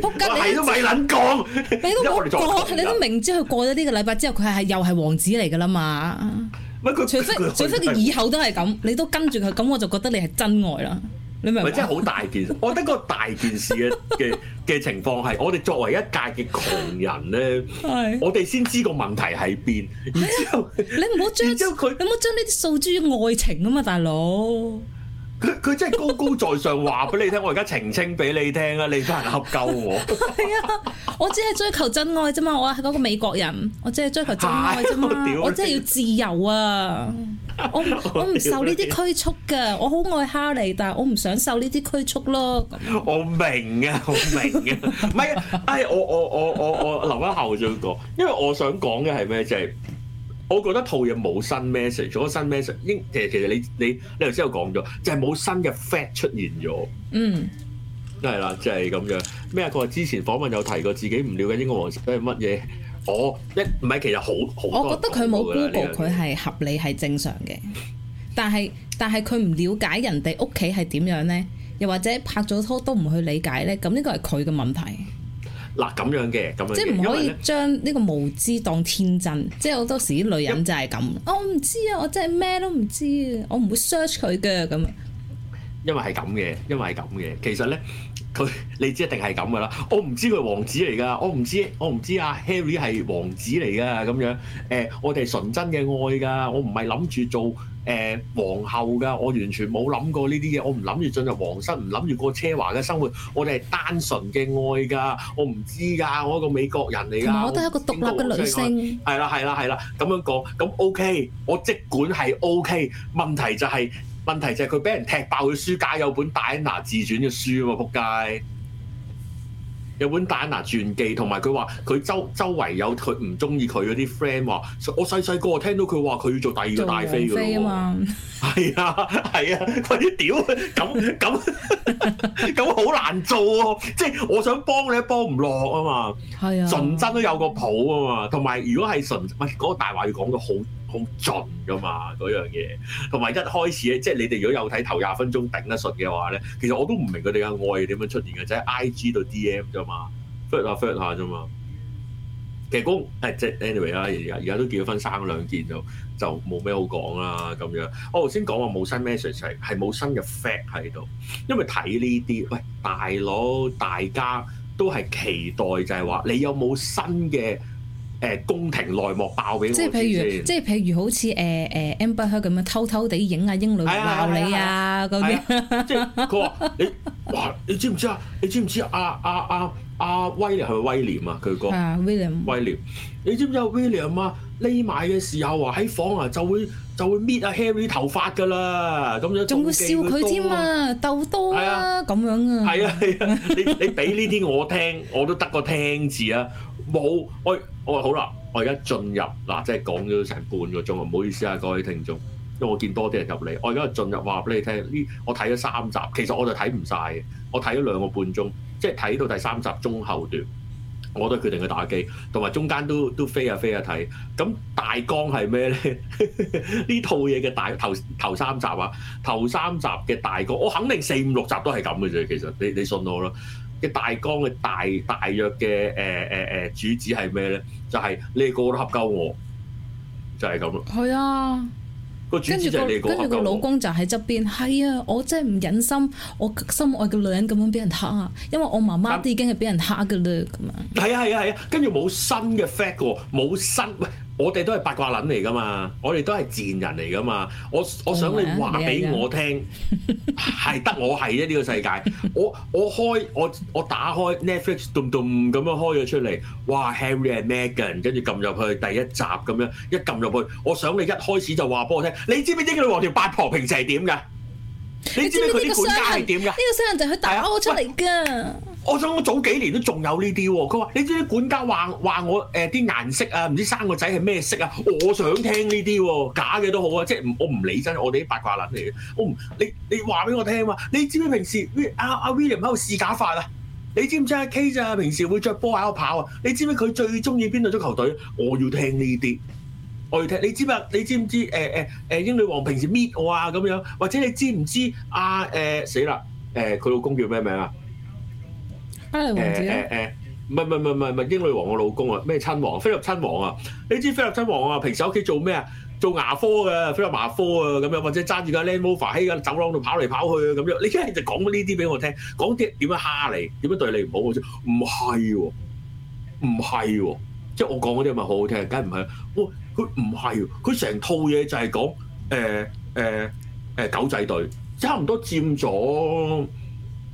仆街！ [laughs] 你都咪撚講，你都講，你都明知佢過咗呢個禮拜之後，佢係又係王子嚟噶啦嘛？他除非他他除非佢以後都係咁，你都跟住佢，咁我就覺得你係真愛啦。你明唔明？真係好大件事，我覺得個大件事嘅嘅情況係，我哋作為一屆嘅窮人咧， [laughs] 的我哋先知個問題係邊。然之後，你唔好將，佢，你唔好將呢啲訴諸於愛情啊嘛，大佬。佢真係高高在上，話俾你聽，我而家澄清俾你聽啊！你真係恰鳩我？係啊，我只係追求真愛啫嘛！我係嗰個美國人，我只係追求真愛啫嘛！ [laughs] [laughs] 我，我真係要自由啊！我我唔受呢啲拘束噶，我好愛哈利，但係我唔想受呢啲拘束咯。 [laughs] [laughs] 我明啊，我明啊，唔 [laughs] 係、 [laughs] 哎，係我我我我我留翻後再講，因為我想講嘅係咩啫？就是我覺得套嘢冇新 message，嗰個新 message 應其實其實你你你頭先有講咗，就係冇新嘅 fact 出現咗。嗯，係啦，就係咁樣。咩啊？佢話之前訪問有提過自己唔瞭解英國王室係乜嘢。我一唔係其實好好，我覺得佢冇 Google，佢係合理係正常嘅。但係但係佢唔瞭解人哋屋企係點樣咧？又或者拍咗拖都唔去理解咧？咁呢個係佢嘅問題。嗱咁樣嘅，咁樣嘅，即係唔可以呢將呢個無知當天真，即係好多時啲女人就係咁，為我唔知啊，我真係咩都唔知啊，我唔會 search 佢嘅咁啊，因為係咁嘅，因為係咁嘅，其實咧。佢，你知一定係咁噶啦，我唔知佢王子嚟噶，我唔知，我唔知啊。Harry 係王子嚟噶咁樣，誒、呃、我哋係純真嘅愛噶，我唔係諗住做誒、呃、皇后噶，我完全冇諗過呢啲嘢，我唔諗住進入皇室，唔諗住過奢華嘅生活，我哋係單純嘅愛噶，我唔知噶，我一個美國人嚟噶，我都係一個獨立嘅女性，係啦係啦係啦，咁樣講，咁 OK，我即管係 OK，問題就係、是。問題就係佢俾人踢爆佢書架有本戴安娜自傳嘅書啊嘛，撲街！有本戴安娜傳記，同埋佢話佢周周圍有佢唔中意佢嗰啲 friend 話，我細細個聽到佢話佢要做第二個戴妃嘅咯。係啊係啊，嗰啲屌啊！咁咁咁好難做喎、啊！即、就、係、是、我想幫你一幫唔落啊嘛。係啊，純真都有個譜啊嘛。同埋如果係純喂嗰、那個大話要講到好。好盡噶嘛，嗰樣嘢，同埋一開始咧，即係你哋如果有睇頭廿分鐘頂得順嘅話咧，其實我都唔明佢哋嘅愛點樣出現嘅，即係 IG 到 DM 啫嘛，fit 下 fit 下啫嘛。其實講誒即係 anyway 啦，而家而家都結咗婚生兩件就就冇咩好講啦咁樣。我頭先講話冇新 message 係冇新嘅 fact 喺度，因為睇呢啲，喂大佬，大家都係期待就係話你有冇新嘅。誒、呃、宮廷內幕爆俾，即係譬如，先即係譬如好似誒誒 Ember 香咁樣偷偷地影啊英女鬧你啊嗰啲。即係佢話你，哇！你知唔知啊？你知唔知阿阿阿阿威廉係威廉啊？佢哥威廉。威廉、 [laughs] 啊，William, 你知唔知威廉啊？匿埋嘅時候啊，喺房啊就會就會搣阿 h a r r y 頭髮㗎啦，咁樣仲會笑佢添啊，啊，鬥多啊咁 [laughs] 樣啊。係啊係啊， [laughs] 你你俾呢啲我聽，我都得個聽字啊。冇，我我話好啦，我而家進入嗱、啊，即係講咗成半個鐘啊，唔好意思啊，各位聽眾，因為我見多啲人入嚟，我而家進入話俾你聽，呢我睇咗三集，其實我就睇唔晒嘅，我睇咗兩個半鐘，即係睇到第三集中後段，我都決定去打機，同埋中間都都飛啊飛啊睇，咁大綱係咩咧？呢 [laughs] 套嘢嘅大頭頭三集啊，頭三集嘅大綱，我肯定四五六集都係咁嘅啫，其實你你信我啦。嘅大綱嘅大大約嘅誒誒誒主旨係咩咧？就係你哋個個都恰鳩我，就係咁咯。係啊，個主旨就係你哋個跟住個老公就喺側邊，係啊，我真係唔忍心，我心愛嘅女人咁樣俾人蝦，因為我媽媽啲已經係俾人蝦嘅嘞，咁但啊。係啊係啊係啊，跟住冇新嘅 fact 喎，冇新。我哋都係八卦撚嚟噶嘛，我哋都係賤人嚟噶嘛。我我想你話俾我聽，係 [laughs] 得我係啫呢個世界。我我開我我打開 Netflix，動動咁樣開咗出嚟，哇 Harry and m e g a n 跟住撳入去第一集咁樣，一撳入去，我想你一開始就話俾我聽，你知唔知英女王條八婆平時係點㗎？你知唔知佢啲管家係點噶？呢個新人就係佢打我出嚟噶。我想我早幾年都仲有呢啲喎。佢話：你知唔知管家話話我誒、呃、啲顏色啊，唔知生個仔係咩色啊？我想聽呢啲喎，假嘅都好啊，即係我唔理真，我哋啲八卦撚嚟嘅。我唔你你話俾我聽嘛？你知唔知平時阿阿 William 喺度試假髮啊？你知唔知阿 K 咋平時會着波喺度跑啊？你知唔知佢最中意邊度足球隊？我要聽呢啲。我要聽，你知嘛？你知唔知？誒誒誒，英女王平時搣我啊，咁樣，或者你知唔知啊？誒死啦！誒佢、欸、老公叫咩名啊？威廉王子啊！誒誒誒，唔係唔係英女王個老公啊？咩親王？菲臘親王啊？你知菲臘親王啊？平時喺屋企做咩啊？做牙科㗎，菲臘牙科啊，咁樣，或者揸住架 Land Rover 喺走廊度跑嚟跑去啊，咁樣。你今日就講呢啲俾我聽，講啲點樣蝦你，點樣對你唔好嘅啫？唔係喎，唔係喎。即係我講嗰啲咪好好聽，梗係唔係？我佢唔係，佢成套嘢就係講誒誒誒狗仔隊，差唔多佔咗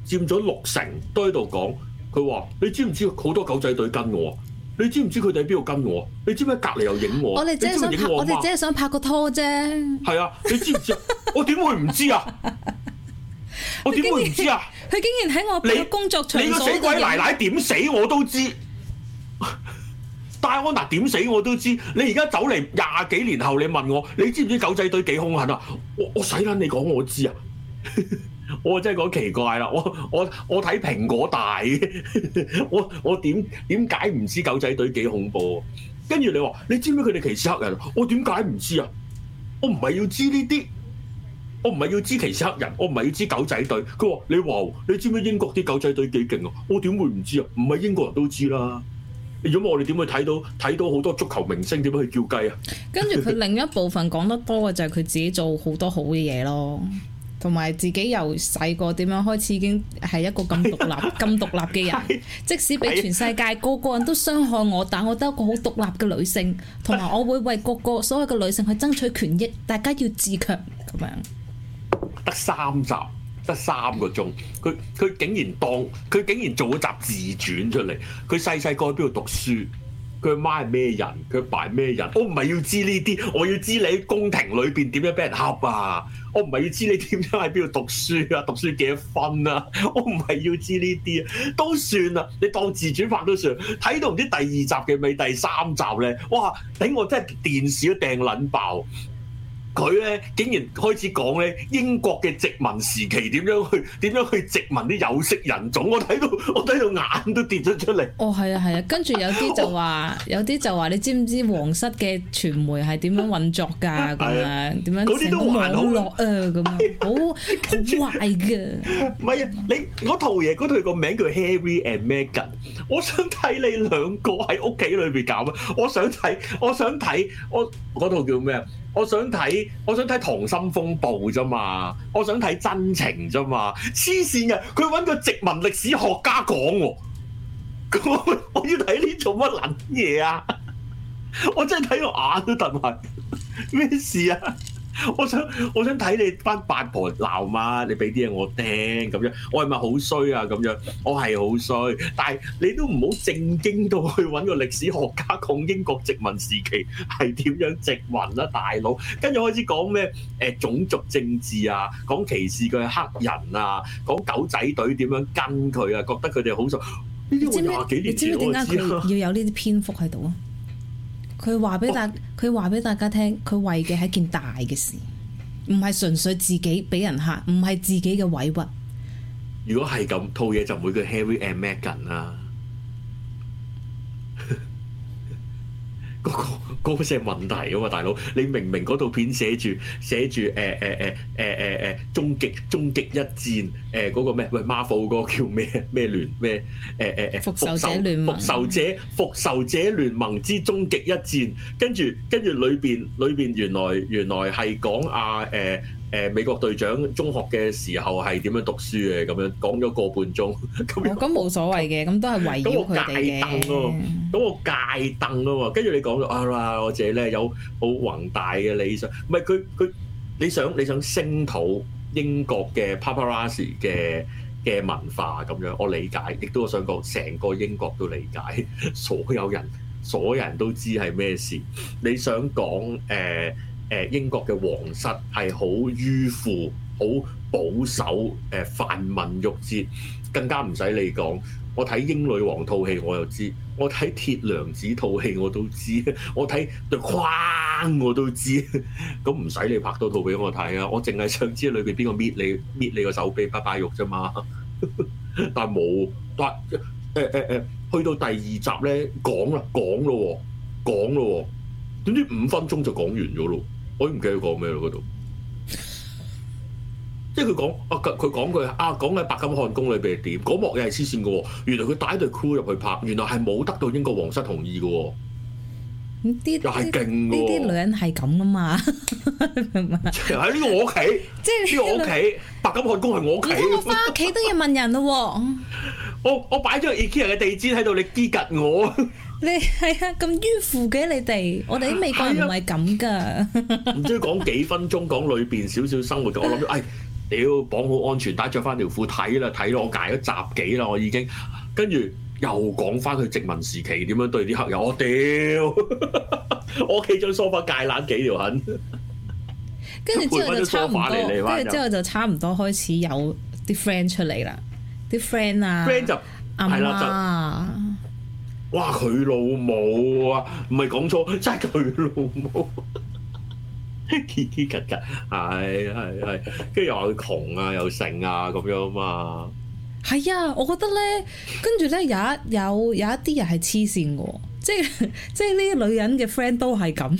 佔咗六成都喺度講。佢話，你知唔知好多狗仔隊跟我？你知唔知佢哋喺邊度跟我？你知唔知隔籬又影我？ [laughs] 我哋只係想拍，拍我哋只係想拍個拖啫。係啊，你知唔知？ [laughs] 我點會唔知啊？我點會唔知啊？佢竟然喺我個工作場你，你，你個死鬼奶奶點死我都知。 [laughs] 戴安娜點死我都知，你而家走嚟廿幾年後，你問我，你知唔知狗仔隊幾兇狠啊？我我使撚你講我知啊？ [laughs] 我真係講奇怪啦！我我我睇蘋果大， [laughs] 我我點點解唔知狗仔隊幾恐怖啊？跟住你話，你知唔知佢哋歧視黑人？我點解唔知啊？我唔係要知呢啲，我唔係要知歧視黑人，我唔係要知狗仔隊。佢話你話，你知唔知英國啲狗仔隊幾勁啊？我點會唔知啊？唔係英國人都知啦，啊。如果我哋點會睇到睇到好多足球明星點樣去叫雞啊？跟住佢另一部分講得多嘅就係佢自己做好多好嘅嘢咯，同埋自己由細個點樣開始已經係一個咁獨立咁獨 [laughs] 立嘅人， [laughs] 即使俾全世界 [laughs] 個個人都傷害我，但我都係一個好獨立嘅女性，同埋我會為各個，個所謂嘅女性去爭取權益，大家要自強咁樣。得三集。得三個鐘，佢佢竟然當佢竟然做咗集自傳出嚟。佢細細個喺邊度讀書？佢媽係咩人？佢爸係咩人？我唔係要知呢啲，我要知你喺宮廷裏邊點樣俾人恰啊！我唔係要知你點樣喺邊度讀書啊，讀書幾多分啊！我唔係要知呢啲啊，都算啦。你當自傳拍都算。睇到唔知第二集嘅未？第三集咧，哇！頂，我真係電視都掟撚爆。佢咧竟然開始講咧英國嘅殖民時期點樣去點樣去殖民啲有色人種，我睇到我睇到眼都跌咗出嚟。哦，係啊，係啊，啊，跟住有啲就話， [laughs] 有啲就話，你知唔知皇室嘅傳媒係點樣運作㗎？咁樣點樣好落啊？咁好好壞㗎。唔係啊，你我陶嘢嗰套個名叫 Harry and Meghan，我想睇你兩個喺屋企裏邊搞咩？我想睇，我想睇，我嗰套叫咩？我想睇我想睇《溏心風暴》啫嘛，我想睇真情啫嘛，黐線呀，佢揾個殖民歷史學家講喎，啊，我要睇呢做乜撚嘢啊？我真係睇到眼都瞪埋，咩事啊？我想我想睇你班八婆鬧乜？你俾啲嘢我釘咁樣，我係咪好衰啊？咁樣我係好衰，但係你都唔好正經到去揾個歷史學家講英國殖民時期係點樣殖民啦，啊，大佬。跟住開始講咩誒種族政治啊，講歧視佢係黑人啊，講狗仔隊點樣跟佢啊，覺得佢哋好熟。呢啲、哎、我廿幾年前我知啦。要有呢啲篇幅喺度啊。 [laughs] 佢話俾大佢話俾大家聽，佢為嘅係一件大嘅事，唔係純粹自己俾人嚇，唔係自己嘅委屈。如果係咁，套嘢就唔會叫 Harry and Meghan 啊。嗰個嗰個問題啊嘛，大佬，你明明嗰套片寫住寫住誒誒誒誒誒誒終極終極一戰誒嗰個咩？喂，Marvel 嗰個叫咩咩聯咩誒誒誒復仇者聯盟復仇者復仇者聯盟之終極一戰，跟住跟住裏邊裏邊原來原來係講啊誒。呃誒美國隊長中學嘅時候係點樣讀書嘅，咁樣講咗個半鐘，咁咁冇所謂嘅，咁都係圍繞佢哋嘅。個街燈咯，咁我戒燈啊，跟住你講咗啊啦，我姐咧有好宏大嘅理想，唔係佢，佢你想你想聲討英國嘅 paparazzi 嘅嘅文化咁樣，我理解，亦都我想講成個英國都理解，所有人所有人都知係咩事。你想講誒？呃誒英國嘅皇室係好迂腐、好保守、誒繁文縟節，更加唔使你講。我睇英女王套戲我又知，我睇鐵娘子套戲我都知，我睇對框我都知。咁唔使你拍多套俾我睇啊！我淨係想知裏邊邊個搣你搣你個手臂拜拜肉啫嘛。 [laughs] 但係冇，但誒誒誒，去到第二集咧講啦，講咯，講咯，點知五分鐘就講完咗咯？我都唔記得佢講咩咯，嗰度。即係佢講，啊佢講句啊，講嘅《白金漢宮》裏邊係點？嗰幕又係黐線嘅喎，原來佢帶一隊 crew 入去拍，原來係冇得到英國皇室同意嘅喎。啲又係勁，呢啲女人係咁啊嘛。其實喺呢個我屋企，即係呢個屋企《白金漢宮》係我屋企。我翻屋企都要問人咯喎，啊。 [laughs] 我我擺咗個 IKEA 嘅地氈喺度，你黐撻我。你係啊，咁迂腐嘅你哋，我哋啲美國人唔係咁噶。唔知講幾分鐘，講裏邊少少生活嘅， [laughs] 我諗住，哎，屌，綁好安全帶，着翻條褲睇啦，睇我戒咗集幾啦，我已經，跟住又講翻去殖民時期點樣對啲黑人，我屌， [laughs] 我企張梳化戒冷幾條痕。跟住之後就差唔多，跟住之後就差唔多開始有啲 friend 出嚟啦，啲 friend 啊，friend 就阿媽。哇！佢老母啊，唔係講錯，真係佢老母、啊，黐黐㗎㗎，係係係，跟、哎、住又話佢窮啊，又剩啊，咁樣啊嘛。係啊，我覺得咧，跟住咧有一有有一啲人係黐線㗎。即係即係呢啲女人嘅 friend 都係咁，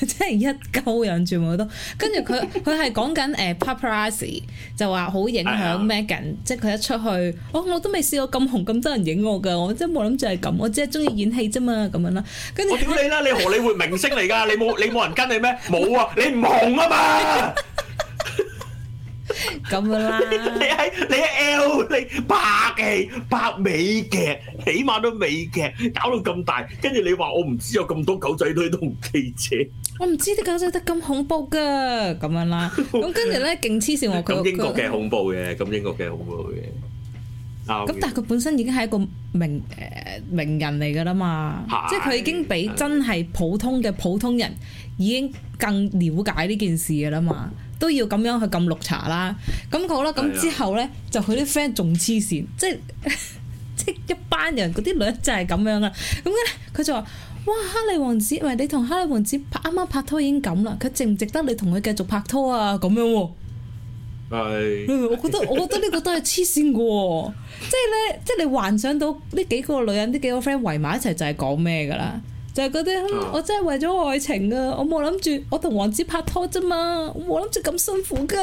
即係一鳩人住我，都跟住佢，佢係講緊誒、欸、paparazzi 就話好影響 Megan，、哎、呀即係佢一出去，我、哦、我都未試過咁紅咁多人影我噶，我真冇諗住係咁，我只係中意演戲啫嘛咁樣啦。跟住點你啦？你荷里活明星嚟噶？ [laughs] 你冇你冇人跟你咩？冇啊！你唔紅啊嘛～ [laughs] 咁樣啦，你喺你喺 L，你拍戲拍美劇，起碼都美劇，搞到咁大，跟住你話我唔知有咁多狗仔隊同記者，我唔知啲狗仔得咁恐怖噶，咁樣啦，咁跟住咧，勁黐線我講英國嘅恐怖嘅，咁英國嘅恐怖嘅，啊！咁但係佢本身已經係一個名誒名人嚟噶啦嘛，即係佢已經比真係普通嘅普通人已經更瞭解呢件事噶啦嘛。都要咁樣去撳綠茶啦，咁好啦，咁、嗯、之後咧就佢啲 friend 仲黐線，即係即係一班人嗰啲女仔係咁樣啦，咁咧佢就話哇哈利王子，喂你同哈利王子拍啱啱拍拖已經咁啦，佢值唔值得你同佢繼續拍拖啊？咁樣、哦，係、哎， [laughs] 我覺得我覺得呢個都係黐線噶，即係咧，即係你幻想到呢幾個女人，呢幾個 friend 圍埋一齊就係講咩噶啦。就係嗰啲，我真係為咗愛情啊！我冇諗住，我同王子拍拖啫嘛，我冇諗住咁辛苦噶，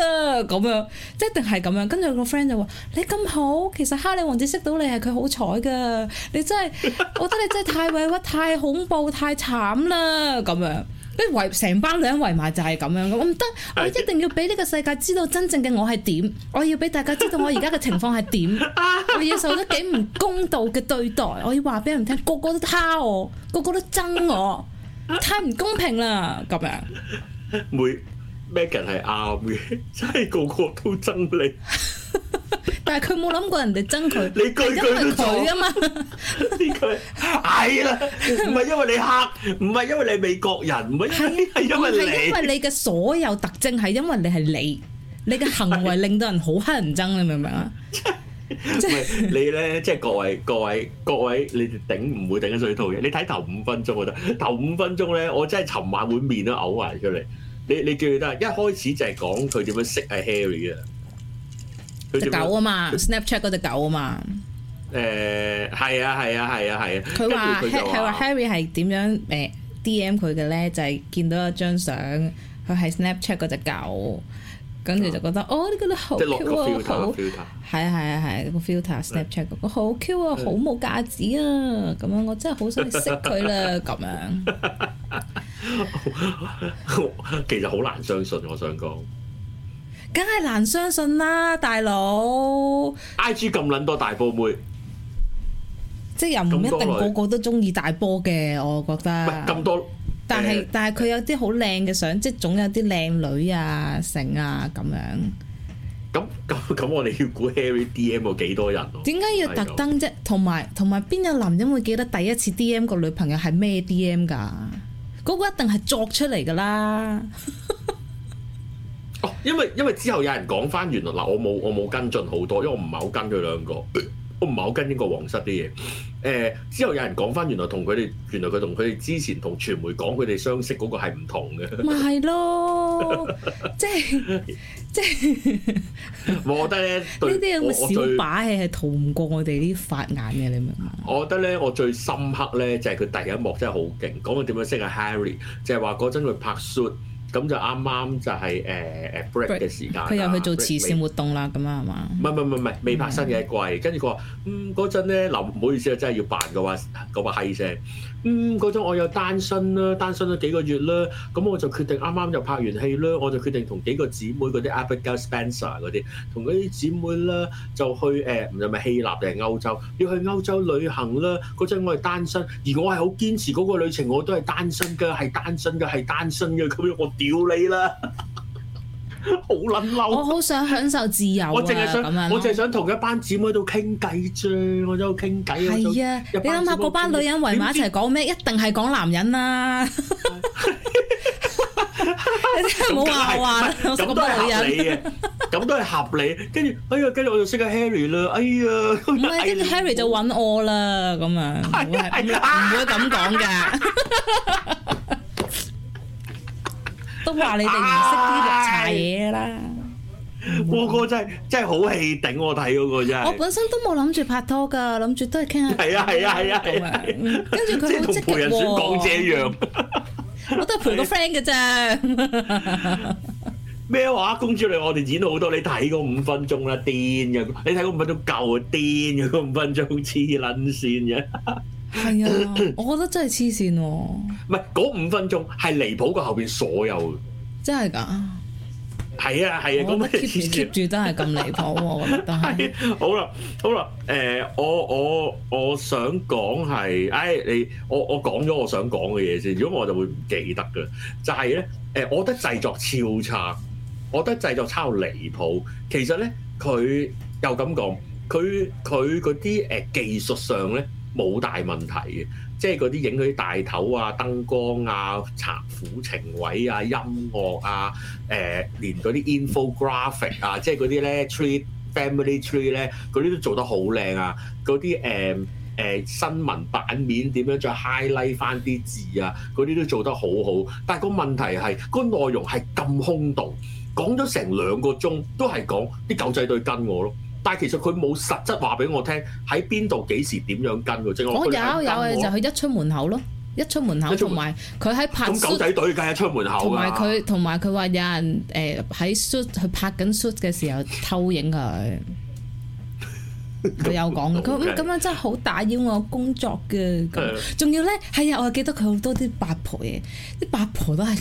咁樣即係一定係咁樣。跟住個 friend 就話：你咁好，其實哈利王子識到你係佢好彩噶，你真係，我覺得你真係太委屈、太恐怖、太慘啦，咁樣。成班女人圍埋就係咁樣嘅，我唔得，我一定要俾呢個世界知道真正嘅我係點，我要俾大家知道我而家嘅情況係點， [laughs] 我要受得幾唔公道嘅對待，我要話俾人聽，個個都蝦我，個個都憎我，太唔公平啦咁樣。每 Megan 係啱嘅，真係個個都憎你。 [laughs] 但係佢冇諗過人哋憎佢，你句句都錯啊嘛？呢句係啦，唔係因為你黑，唔係因為你美國人，唔係係因為你，因為你嘅所有特徵係因為你係你，你嘅行為令到人好乞人憎，你明唔明啊？即係你咧，即係各位各位各位，你哋頂唔會頂得上呢套嘢？你睇頭五分鐘就得，頭五分鐘咧，我真係尋晚滿面都嘔埋出嚟。你你記唔記得，一開始就係講佢點樣識係 Harry 嘅。隻狗啊嘛，Snapchat 嗰隻狗啊嘛。誒，係、欸、啊，係啊，係啊，係啊。佢話係話 Harry 係點樣誒 DM 佢嘅咧？就係、是、見到一張相，佢係 Snapchat 嗰隻狗，跟住就覺得、啊、哦，呢、這個都好 Q 啊，ter, 好係啊，係啊，係個 filter Snapchat，我好 Q 啊，ter, 好冇架子啊，咁、嗯啊、樣我真係好想識佢啦，咁 [laughs] 樣。 [laughs] 其實好難相信，我想講。梗係難相信啦，大佬！IG 咁撚多大波妹，即係又唔一定個個都中意大波嘅，我覺得。唔係咁多，但係但係佢有啲好靚嘅相，即係總有啲靚女啊、成啊咁樣。咁咁咁，我哋要估 Harry DM 有幾多人？點解要特登啫？同埋同埋，邊有男人會記得第一次 DM 個女朋友係咩 DM 噶？嗰個一定係作出嚟噶啦。哦、因為因為之後有人講翻原來嗱，我冇我冇跟進好多，因為我唔係好跟佢兩個，我唔係好跟呢個王室啲嘢。誒、呃，之後有人講翻原來同佢哋，原來佢同佢哋之前同傳媒講佢哋相識嗰個係唔同嘅。咪係咯，即係即係。我覺得咧呢啲咁嘅小把戲係逃唔過我哋啲法眼嘅，你明唔明？我覺得咧，我最深刻咧就係、是、佢第一幕真係好勁，講佢點樣識阿 Harry，就係話嗰陣佢拍 shooting 咁就啱啱就係誒誒 break 嘅時間，佢又去做慈善活動啦，咁啊嘛？唔係唔係唔係，未拍新嘅一季，跟住佢話，嗯嗰陣咧，嗱唔好意思啊，真係要扮嘅話，嗰把閪聲。嗯，嗰陣我又單身啦，單身咗幾個月啦，咁我就決定啱啱就拍完戲啦，我就決定同幾個姊妹嗰啲 Abigail Spencer 嗰啲，同嗰啲姊妹啦，就去誒，唔係咪希臘定係歐洲？要去歐洲旅行啦，嗰陣我係單身，而我係好堅持嗰個旅程我都係單身㗎，係單身㗎，係單身㗎，咁樣我屌你啦！ [laughs] 好撚嬲！我好想享受自由啊！咁樣，我淨係想同一班姊妹喺度傾偈啫，我喺度傾偈。係啊，你諗下嗰班女人圍埋一齊講咩？一定係講男人啦！你真係冇話我話啦，我十個女人，咁都係合理。跟住，哎呀，跟住我就識咗 Harry 啦，哎呀，唔係，跟住 Harry 就揾我啦，咁啊，唔會咁講㗎。都話你哋唔識啲綠茶嘢啦，嗰、哎嗰個真係真係好氣頂，我睇嗰個真。我本身都冇諗住拍拖噶，諗住都係傾下。係啊係啊係啊係。啊啊啊跟住佢好積極，即同陪人選講這樣。 [laughs] 我都係陪個 friend 嘅啫。咩 [laughs] 話、啊？公主嚟，我哋剪到好多，你睇嗰五分鐘啦，癲嘅！你睇嗰五分鐘夠啊，癲嘅嗰五分鐘，黐卵線嘅。係啊，我覺得真係黐線喎。唔係嗰五分鐘係離譜過後邊所有，真係㗎。係啊，係啊，咁 keep 住都係咁離譜喎。我覺得都係。係好啦，好啦，誒、呃，我我我想講係，誒、哎，你我我講咗我想講嘅嘢先。如果我就會唔記得㗎，就係咧，誒，我覺得製作超差，我覺得製作超離譜。其實咧，佢又咁講，佢佢嗰啲誒技術上咧，冇大問題嘅，即係嗰啲影佢啲大頭啊、燈光啊、chok 苦情位啊、音樂啊、誒、呃、連嗰啲 infographic 啊，即係嗰啲咧 tree family tree 咧，嗰啲都做得好靚啊！嗰啲誒誒新聞版面點樣再 highlight 返啲字啊，嗰啲都做得好好。但係個問題係，個內容係咁空洞，講咗成兩個鐘都係講啲狗仔隊跟我咯。但係其實佢冇實質話俾我聽喺邊度、幾時、點樣跟喎，啫。我、oh, 有有嘅就佢、是、一出門口咯，一出門口同埋佢喺拍。咁狗仔隊梗係一出門口。同埋佢同埋佢話有人誒喺 shoot 去拍緊 shoot 嘅時候偷影佢。 [laughs] 佢 [laughs] 有講嘅，佢咁、嗯、樣真係好打擾我工作嘅，咁仲 [laughs] 要咧係啊！我記得佢好多啲八婆嘢，啲八婆都係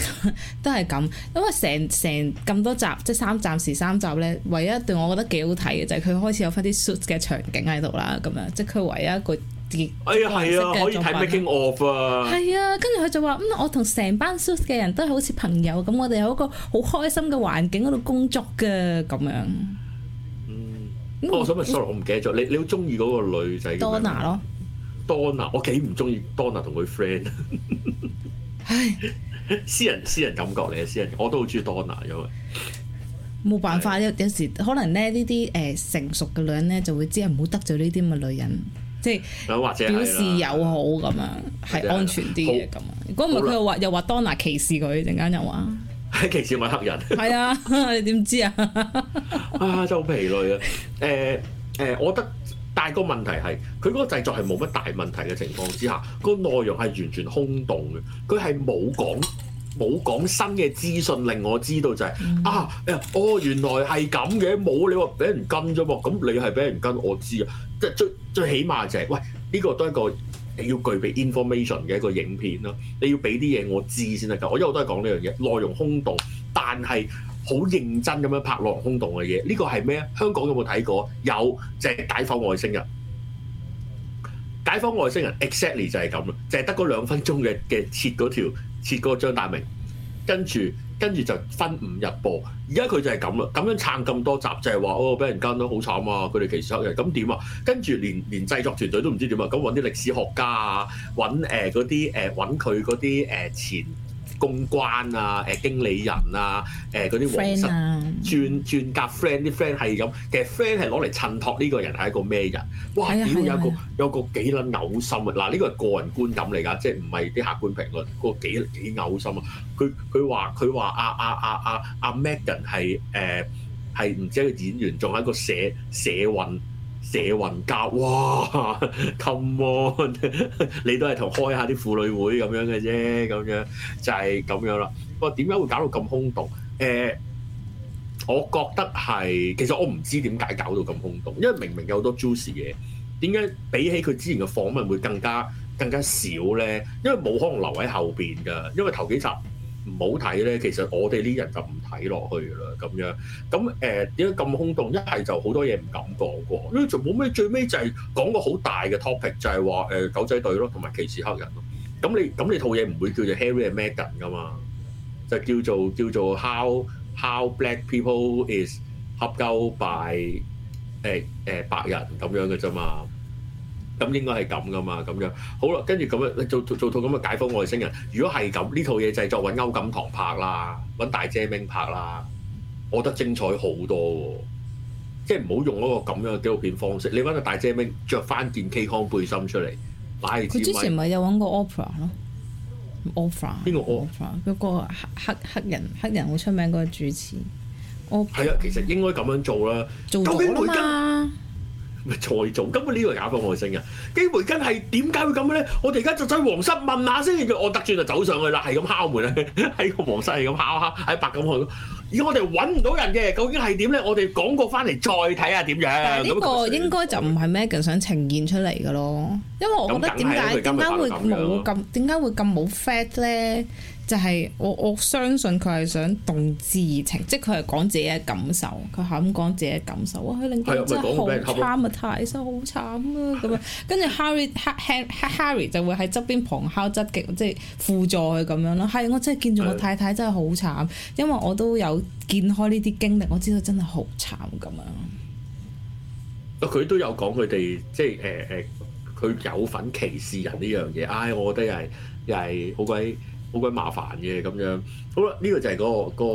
都係咁，因為成成咁多集即係三暫時三集咧，唯一一段我覺得幾好睇嘅就係、是、佢開始有返啲 Suits 嘅場景喺度啦，咁樣即係佢唯一一個結。哎呀，係啊，可以睇 making of 啊。係啊，跟住佢就話：嗯，我同成班 Suits 嘅人都係好似朋友咁，我哋有一個好開心嘅環境嗰度工作嘅咁樣。我想問，sorry，我唔記得咗。你你好中意嗰個女仔？Donna 咯，Donna，我幾唔中意 Donna 同佢 friend。 [laughs] 唉，私人私人感覺嚟嘅，私人我都好中意 Donna 因為。冇辦法，有的有時可能咧，呢啲誒成熟嘅女人咧就會知係唔好得罪呢啲咁嘅女人，即係表示友好咁樣係安全啲嘅咁。如果唔係佢又話了又話 Donna 歧視佢，陣間又話。係 [laughs] 其次咪問黑人？係啊，你點知啊？啊，真係好疲累啊！誒、呃、誒、呃，我覺得，但係個問題係，佢嗰個製作係冇乜大問題嘅情況之下，個內容係完全空洞嘅。佢係冇講冇講新嘅資訊令我知道就係、是嗯、啊誒，哦原來係咁嘅，冇你話俾人跟啫喎，咁你係俾人跟我知啊！即係最最起碼就係、是，喂呢、這個都係一個。你要具備 information 嘅一個影片咯，你要俾啲嘢我知先得噶。我因為我都係講呢樣嘢，內容空洞，但係好認真咁樣拍落空洞嘅嘢。呢、這個係咩？香港有冇睇過？有，就係、是《解剖外星人》。《解剖外星人》exactly 就係咁咯，就係得嗰兩分鐘嘅嘅切嗰條切嗰張達明。跟住跟住就分五日播，而家佢就係咁啦，咁樣撐咁多集就係話，哦，俾人跟咯，好慘啊！佢哋其實嘅咁點啊？跟住連連製作團隊都唔知點啊？咁揾啲歷史學家啊，揾誒嗰啲誒揾佢嗰啲誒錢。呃公關啊，誒經理人啊，誒嗰啲皇室轉轉嫁 friend 啲 friend 係咁，其實 friend 係攞嚟襯托呢個人係一個咩人？哇！點會有個有個幾撚嘔心啊！嗱，呢個係個人觀感嚟㗎，即係唔係啲客觀評論？個幾幾嘔心啊！佢佢話佢話阿阿阿阿 Megan 係誒係唔止一個演員，仲係一個社社運。社運教哇 [laughs] ，come on， [laughs] 你都係同開下啲婦女會咁樣嘅啫，咁樣就係、是、咁樣啦。不過，點解會搞到咁轟動？誒、欸，我覺得係，其實我唔知點解搞到咁轟動，因為明明有好多 juice 嘢，點解比起佢之前嘅訪問會更加更加少咧？因為冇可能留喺後邊㗎，因為頭幾集。唔好睇咧，其實我哋呢人就唔睇落去啦，咁樣咁，誒點解咁空洞？一係就好多嘢唔敢過講過，因為就冇咩，最尾就係講個好大嘅 topic 就係話誒狗仔隊咯，同埋歧視黑人咯。咁你咁你套嘢唔會叫做 Harry and Meghan 㗎嘛，就叫做叫做 how how black people is helped by 誒、呃、誒、呃、白人咁樣嘅啫嘛。咁應該係咁噶嘛？咁樣好啦，跟住咁樣做做做套咁嘅解封外星人。如果係咁，呢套嘢就係作揾歐金堂拍啦，揾大 j e 拍啦。我覺得精彩好多喎、啊，即係唔好用嗰個咁樣嘅紀錄片方式。你揾個大 j e 着 e 翻件 k 康背心出嚟，擺佢之前咪有揾過 Oprah e 咯，Oprah 邊個誰 Oprah？嗰個黑黑黑人黑人好出名嗰個主持。我係啊，其實應該咁樣做啦，做緊啊嘛。咪再做，根本呢個係假方外星人，基梅根係點解會咁嘅咧？我哋而家就喺皇室問，問下先，我得轉就走上去啦，係咁敲門啊，喺 [laughs] 皇室係咁敲敲，喺白金漢。而我哋揾唔到人嘅，究竟係點咧？我哋講過翻嚟再睇下點樣。呢個應該就唔係 Meghan 想呈現出嚟嘅咯，因為我覺得點解點解會冇咁點解會咁冇 fat 咧？就係我我相信佢係想動之以情，即係佢係講自己嘅感受，佢肯咁講自己嘅感受。哇！佢令我真係好，好慘啊，太衰好慘啊咁啊。跟住 Harry ha, ha, Harry 就會喺側邊旁敲側擊，即係輔助佢咁樣咯。係、哎、我真係見著我太太真係好慘，嗯、因為我都有見開呢啲經歷，我知道真係好慘咁啊。佢都有講佢哋即係誒誒，佢、就是呃呃、有份歧視人呢樣嘢。唉、哎，我覺得又係又係好鬼。好鬼麻煩嘅咁樣，好啦，呢個就係嗰個嗰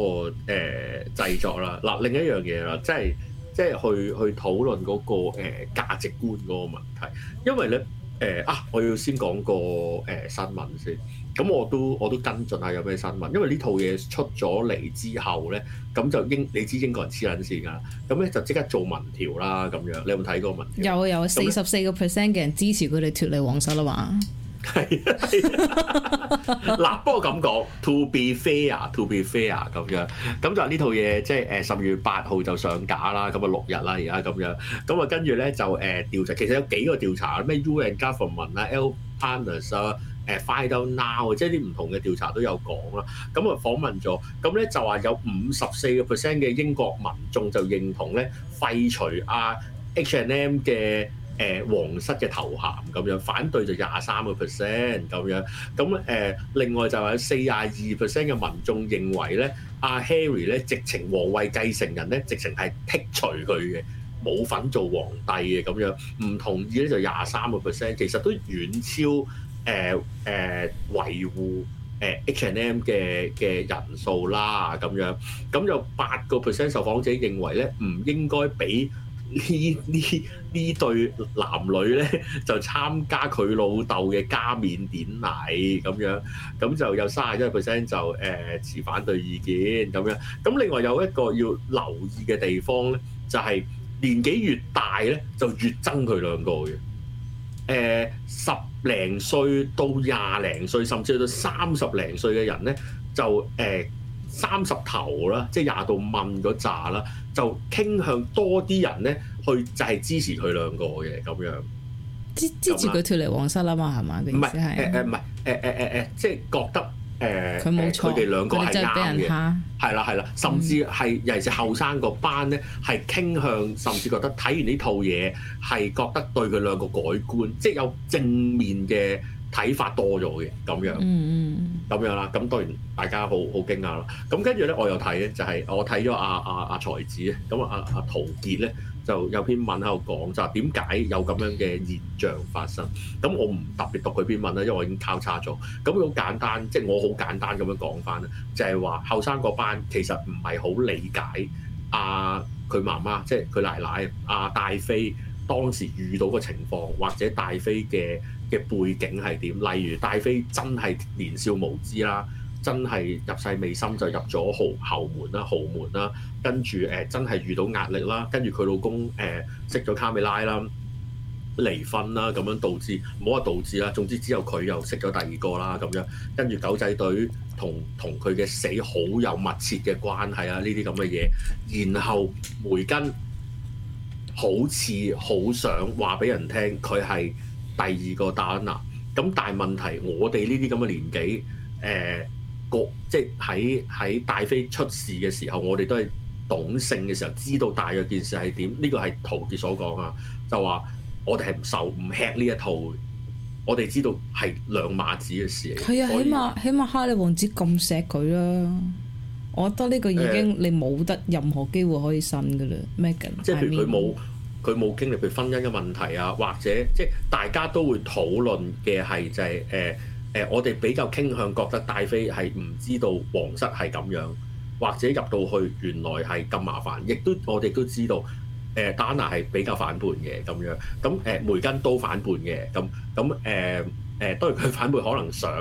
個誒製作啦。嗱，另一樣嘢啦，即係即係去去討論嗰個誒價值觀嗰個問題，因為咧誒啊，我要先講個誒新聞先。咁我都我都跟進下有咩新聞，因為呢套嘢出咗嚟之後咧，咁就英你知英國人黐撚線㗎，咁咧就即刻做民調啦咁樣。你有冇睇嗰個民調？有啊，有四十四個 percent 嘅人支持佢哋脫離王室啦嘛。係，嗱， [laughs] [laughs] [laughs] 不過咁講，to be fair，to be fair 咁樣，咁就呢套嘢，即係誒十二月八號就上架啦，咁啊六日啦，而家咁樣，咁啊跟住咧就誒調查，其實有幾個調查咩 UN Government 啊，L Panel 英文 啊，誒、啊啊、Fight Now，即係啲唔同嘅調查都有講啦，咁啊訪問咗，咁咧就話有五十四個 percent 嘅英國民眾就認同咧廢除啊 H and M 嘅。誒皇室嘅頭銜咁樣，反對就廿三個 percent 咁樣。咁誒另外就話有四廿二 percent 嘅民眾認為咧，阿 Harry 咧直情皇位繼承人咧，直情係剔除佢嘅，冇份做皇帝嘅咁樣。唔同意咧就廿三個 percent，其實都遠超誒誒維護誒 H and M 嘅嘅人數啦咁樣。咁有八個 percent 受訪者認為咧，唔應該俾。呢呢呢對男女咧就參加佢老豆嘅加冕典禮咁樣，咁就有三十一 percent 就誒、呃、持反對意見咁樣。咁另外有一個要留意嘅地方咧，就係、是、年紀越大咧就越憎佢兩個嘅。誒十零歲到廿零歲，甚至到三十零歲嘅人咧就誒。呃三十頭啦，即係廿度問嗰扎啦，就傾向多啲人咧去就係支持佢兩個嘅咁樣。支支持佢脫離皇室啦嘛，係嘛、嗯？唔係誒誒唔係誒誒誒誒，即係覺得誒佢冇錯，佢哋兩個係啱嘅。係啦係啦，甚至係尤其是後生個班咧，係傾向、嗯、甚至覺得睇完呢套嘢係覺得對佢兩個改觀，即係有正面嘅。睇法多咗嘅咁樣，咁、嗯嗯、樣啦。咁當然大家好好驚訝啦。咁跟住咧，我又睇咧，就係、是、我睇咗阿阿阿才子咁啊，阿阿陶傑咧就有篇文喺度講，就話點解有咁樣嘅現象發生。咁我唔特別讀佢篇文啦，因為我已經交叉咗。咁好簡單，即、就、係、是、我好簡單咁樣講翻咧，就係話後生嗰班其實唔係好理解阿佢、啊、媽媽，即係佢奶奶阿戴妃當時遇到個情況，或者戴妃嘅。嘅背景係點？例如戴妃真係年少無知啦，真係入世未深就入咗豪後門啦、豪門啦，跟住誒、呃、真係遇到壓力啦，跟住佢老公誒、呃、識咗卡美拉啦，離婚啦咁樣導致，唔好話導致啦，總之之後佢又識咗第二個啦咁樣，跟住狗仔隊同同佢嘅死好有密切嘅關係啊！呢啲咁嘅嘢，然後梅根好似好想話俾人聽，佢係。第二個單啦，咁大問題，我哋呢啲咁嘅年紀，誒、呃，個即係喺喺大飛出事嘅時候，我哋都係懂性嘅時候，知道大約件事係點。呢個係陶傑所講啊，就話我哋係唔受唔吃呢一套，我哋知道係兩碼子嘅事嚟。係啊，以起碼起碼哈利王子咁錫佢啦。我覺得呢個已經、呃、你冇得任何機會可以信㗎喇。咩緊是？I mean，即係佢冇。佢冇經歷佢婚姻嘅問題啊，或者即係大家都會討論嘅係就係誒誒，我哋比較傾向覺得戴妃係唔知道皇室係咁樣，或者入到去原來係咁麻煩，亦都我哋都知道誒 Dana 係比較反叛嘅咁樣，咁、呃、誒梅根都反叛嘅咁咁誒。誒、eh，當然佢反叛，可能想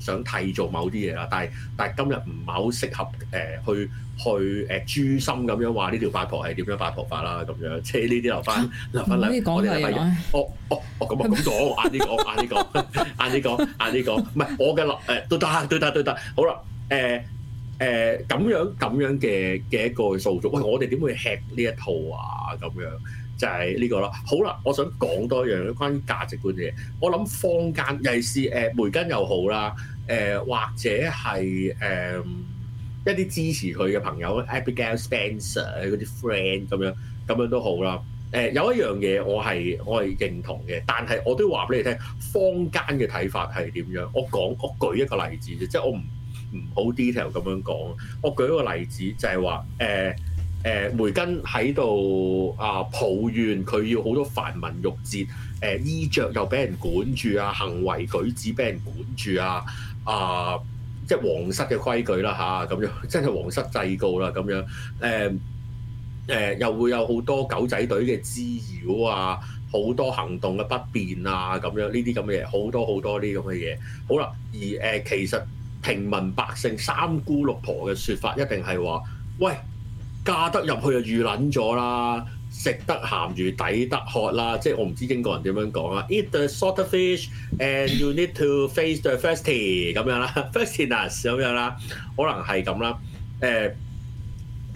想替做某啲嘢啦，但係但係今日唔係好適合誒、呃、去去誒誅心咁樣話呢條八婆係點樣八婆法啦咁樣，車呢啲留翻留翻啦。可以講嚟講。哦哦哦，咁啊咁、這、講、個，晏啲講，晏啲講，晏啲講，晏啲講，唔係我嘅立誒對得對得對得，好啦誒誒咁樣咁樣嘅嘅一個訴訟，喂我哋點會食呢一套啊咁樣？就係呢個啦。好啦，我想講多一樣關於價值觀嘅嘢。我諗坊間尤其是誒梅根又好啦，誒、呃、或者係誒、呃、一啲支持佢嘅朋友，Abigail Spencer 嗰啲 friend 咁樣，咁樣都好啦。誒、呃、有一樣嘢我係我係認同嘅，但係我都話俾你聽，坊間嘅睇法係點樣？我講我舉一個例子啫，即係我唔唔好 detail 咁樣講。我舉一個例子，就係話誒。呃誒梅根喺度啊，抱怨佢要好多繁文縟節，誒、呃、衣着又俾人管住啊，行為舉止俾人管住啊、呃，啊，即係皇室嘅規矩啦嚇咁樣，真係皇室制告啦咁樣誒誒、呃呃，又會有好多狗仔隊嘅滋擾啊，好多行動嘅不便啊，咁樣呢啲咁嘅嘢好多好多，呢啲咁嘅嘢。好啦，而誒、呃、其實平民百姓三姑六婆嘅說法一定係話喂。嫁得入去就遇撚咗啦，食得鹹魚，抵得渴啦。即係我唔知英國人點樣講啦。Eat the salted fish and you need to face the fasting 咁樣啦，fastiness 咁樣啦，可能係咁啦。誒、呃，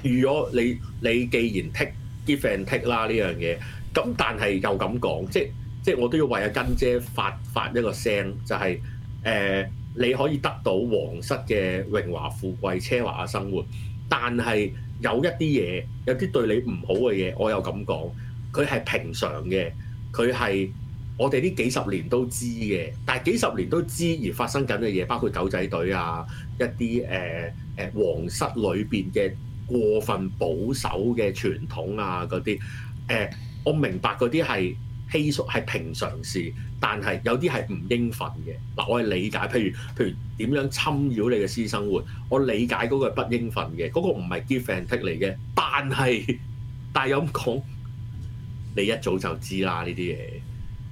如果你你既然 take give and take 啦呢樣嘢，咁但係又咁講，即即係我都要為阿根姐發發一個聲，就係、是、誒、呃、你可以得到皇室嘅榮華富貴、奢華嘅生活，但係。有一啲嘢，有啲對你唔好嘅嘢，我又咁講，佢係平常嘅，佢係我哋呢幾十年都知嘅，但係幾十年都知而發生緊嘅嘢，包括狗仔隊啊，一啲誒誒皇室裏邊嘅過分保守嘅傳統啊嗰啲，誒、呃、我明白嗰啲係。欺屬係平常事，但係有啲係唔應份嘅。嗱，我係理解，譬如譬如點樣侵擾你嘅私生活，我理解嗰個係不應份嘅，嗰、嗰個唔係 give and take 嚟嘅。但係但係有咁講，你一早就知啦呢啲嘢，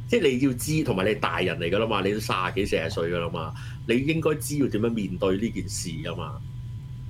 即係你要知，同埋你係大人嚟㗎啦嘛，你都卅幾四十歲㗎啦嘛，你應該知要點樣面對呢件事㗎嘛。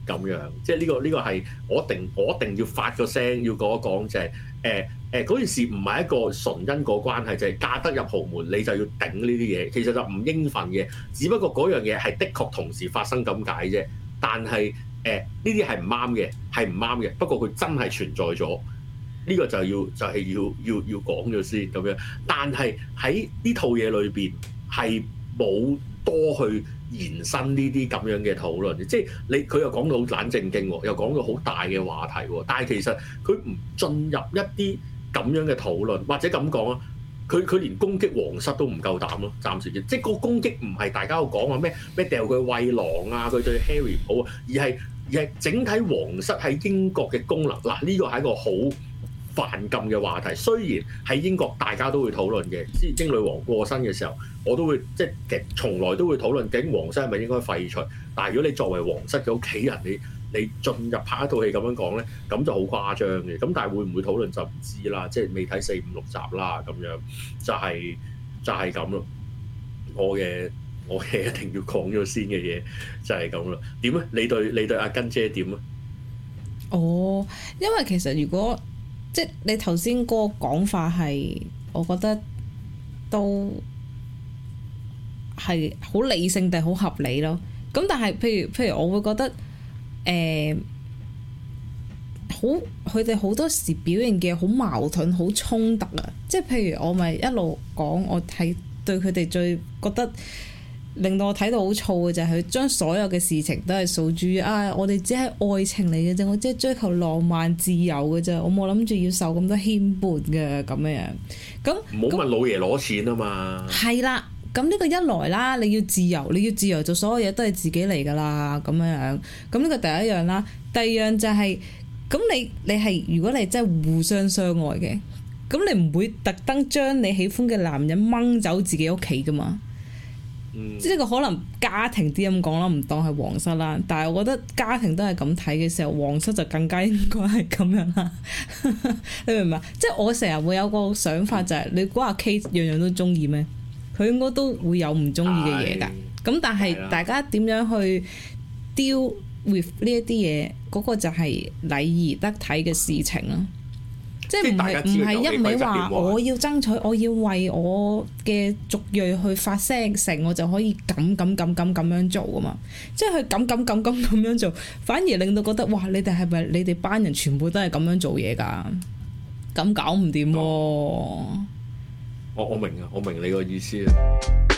咁樣即係、呢、呢個呢、呢個係我一定我一定要發個聲要講一講就係誒。呃誒嗰、呃、件事唔係一個純因果關係，就係、是、嫁得入豪門，你就要頂呢啲嘢。其實就唔應份嘅，只不過嗰樣嘢係的確同時發生咁解啫。但係誒呢啲係唔啱嘅，係唔啱嘅。不過佢真係存在咗，呢、這個就要就係、是、要要要講咗先咁樣。但係喺呢套嘢裏邊係冇多去延伸呢啲咁樣嘅討論，即係你佢又講到好冷靜經，又講到好大嘅話題。但係其實佢唔進入一啲。咁樣嘅討論，或者咁講啊，佢佢連攻擊皇室都唔夠膽咯，暫時嘅，即係個攻擊唔係大家會講話咩咩掉佢喂狼啊，佢對 Harry 好啊，而係而係整體皇室喺英國嘅功能，嗱呢個係一個好犯禁嘅話題。雖然喺英國大家都會討論嘅，即係英女王過身嘅時候，我都會即係從來都會討論究竟皇室係咪應該廢除。但係如果你作為皇室嘅屋企人，你你進入拍一套戲咁樣講呢，咁就好誇張嘅。咁但係會唔會討論就唔知啦，即係未睇四五六集啦咁樣，就係，就係就係咁咯。我嘅我嘅一定要講咗先嘅嘢就係咁咯。點啊？你對你對阿根姐點啊？哦，因為其實如果即係你頭先嗰個講法係，我覺得都係好理性定好合理咯。咁但係譬如譬如我會覺得。誒、欸，好，佢哋好多時表現嘅好矛盾、好衝突啊！即係譬如我咪一路講，我睇對佢哋最覺得令到我睇到好燥嘅就係，佢將所有嘅事情都係數住啊！我哋只係愛情嚟嘅啫，我只係追求浪漫自由嘅啫，我冇諗住要受咁多牽絆嘅咁樣。咁唔好問老爺攞錢啊嘛！係啦。咁呢個一來啦，你要自由，你要自由做所有嘢都係自己嚟噶啦，咁樣樣。咁呢個第一樣啦，第二樣就係、是、咁你你係如果你真係互相相愛嘅，咁你唔會特登將你喜歡嘅男人掹走自己屋企噶嘛？嗯、即係個可能家庭啲咁講啦，唔當係皇室啦。但係我覺得家庭都係咁睇嘅時候，皇室就更加應該係咁樣啦。 [laughs] 你明唔明啊？即係我成日會有個想法就係、是、你估下 Kate，樣，樣樣都中意咩？佢應該都會有唔中意嘅嘢㗎，咁、哎、但係大家點樣去 deal with 呢一啲嘢，嗰、嗰個就係禮儀得體嘅事情啊！即係唔係唔係一味話我要爭取，我要為我嘅族裔去發聲，成的我就可以咁咁咁咁咁樣做啊嘛！即係佢咁咁咁咁咁樣做，反而令到覺得哇！你哋係咪你哋班人全部都係咁樣做嘢㗎？咁搞唔掂喎！哦我我明啊，我明，我明你個意思啊。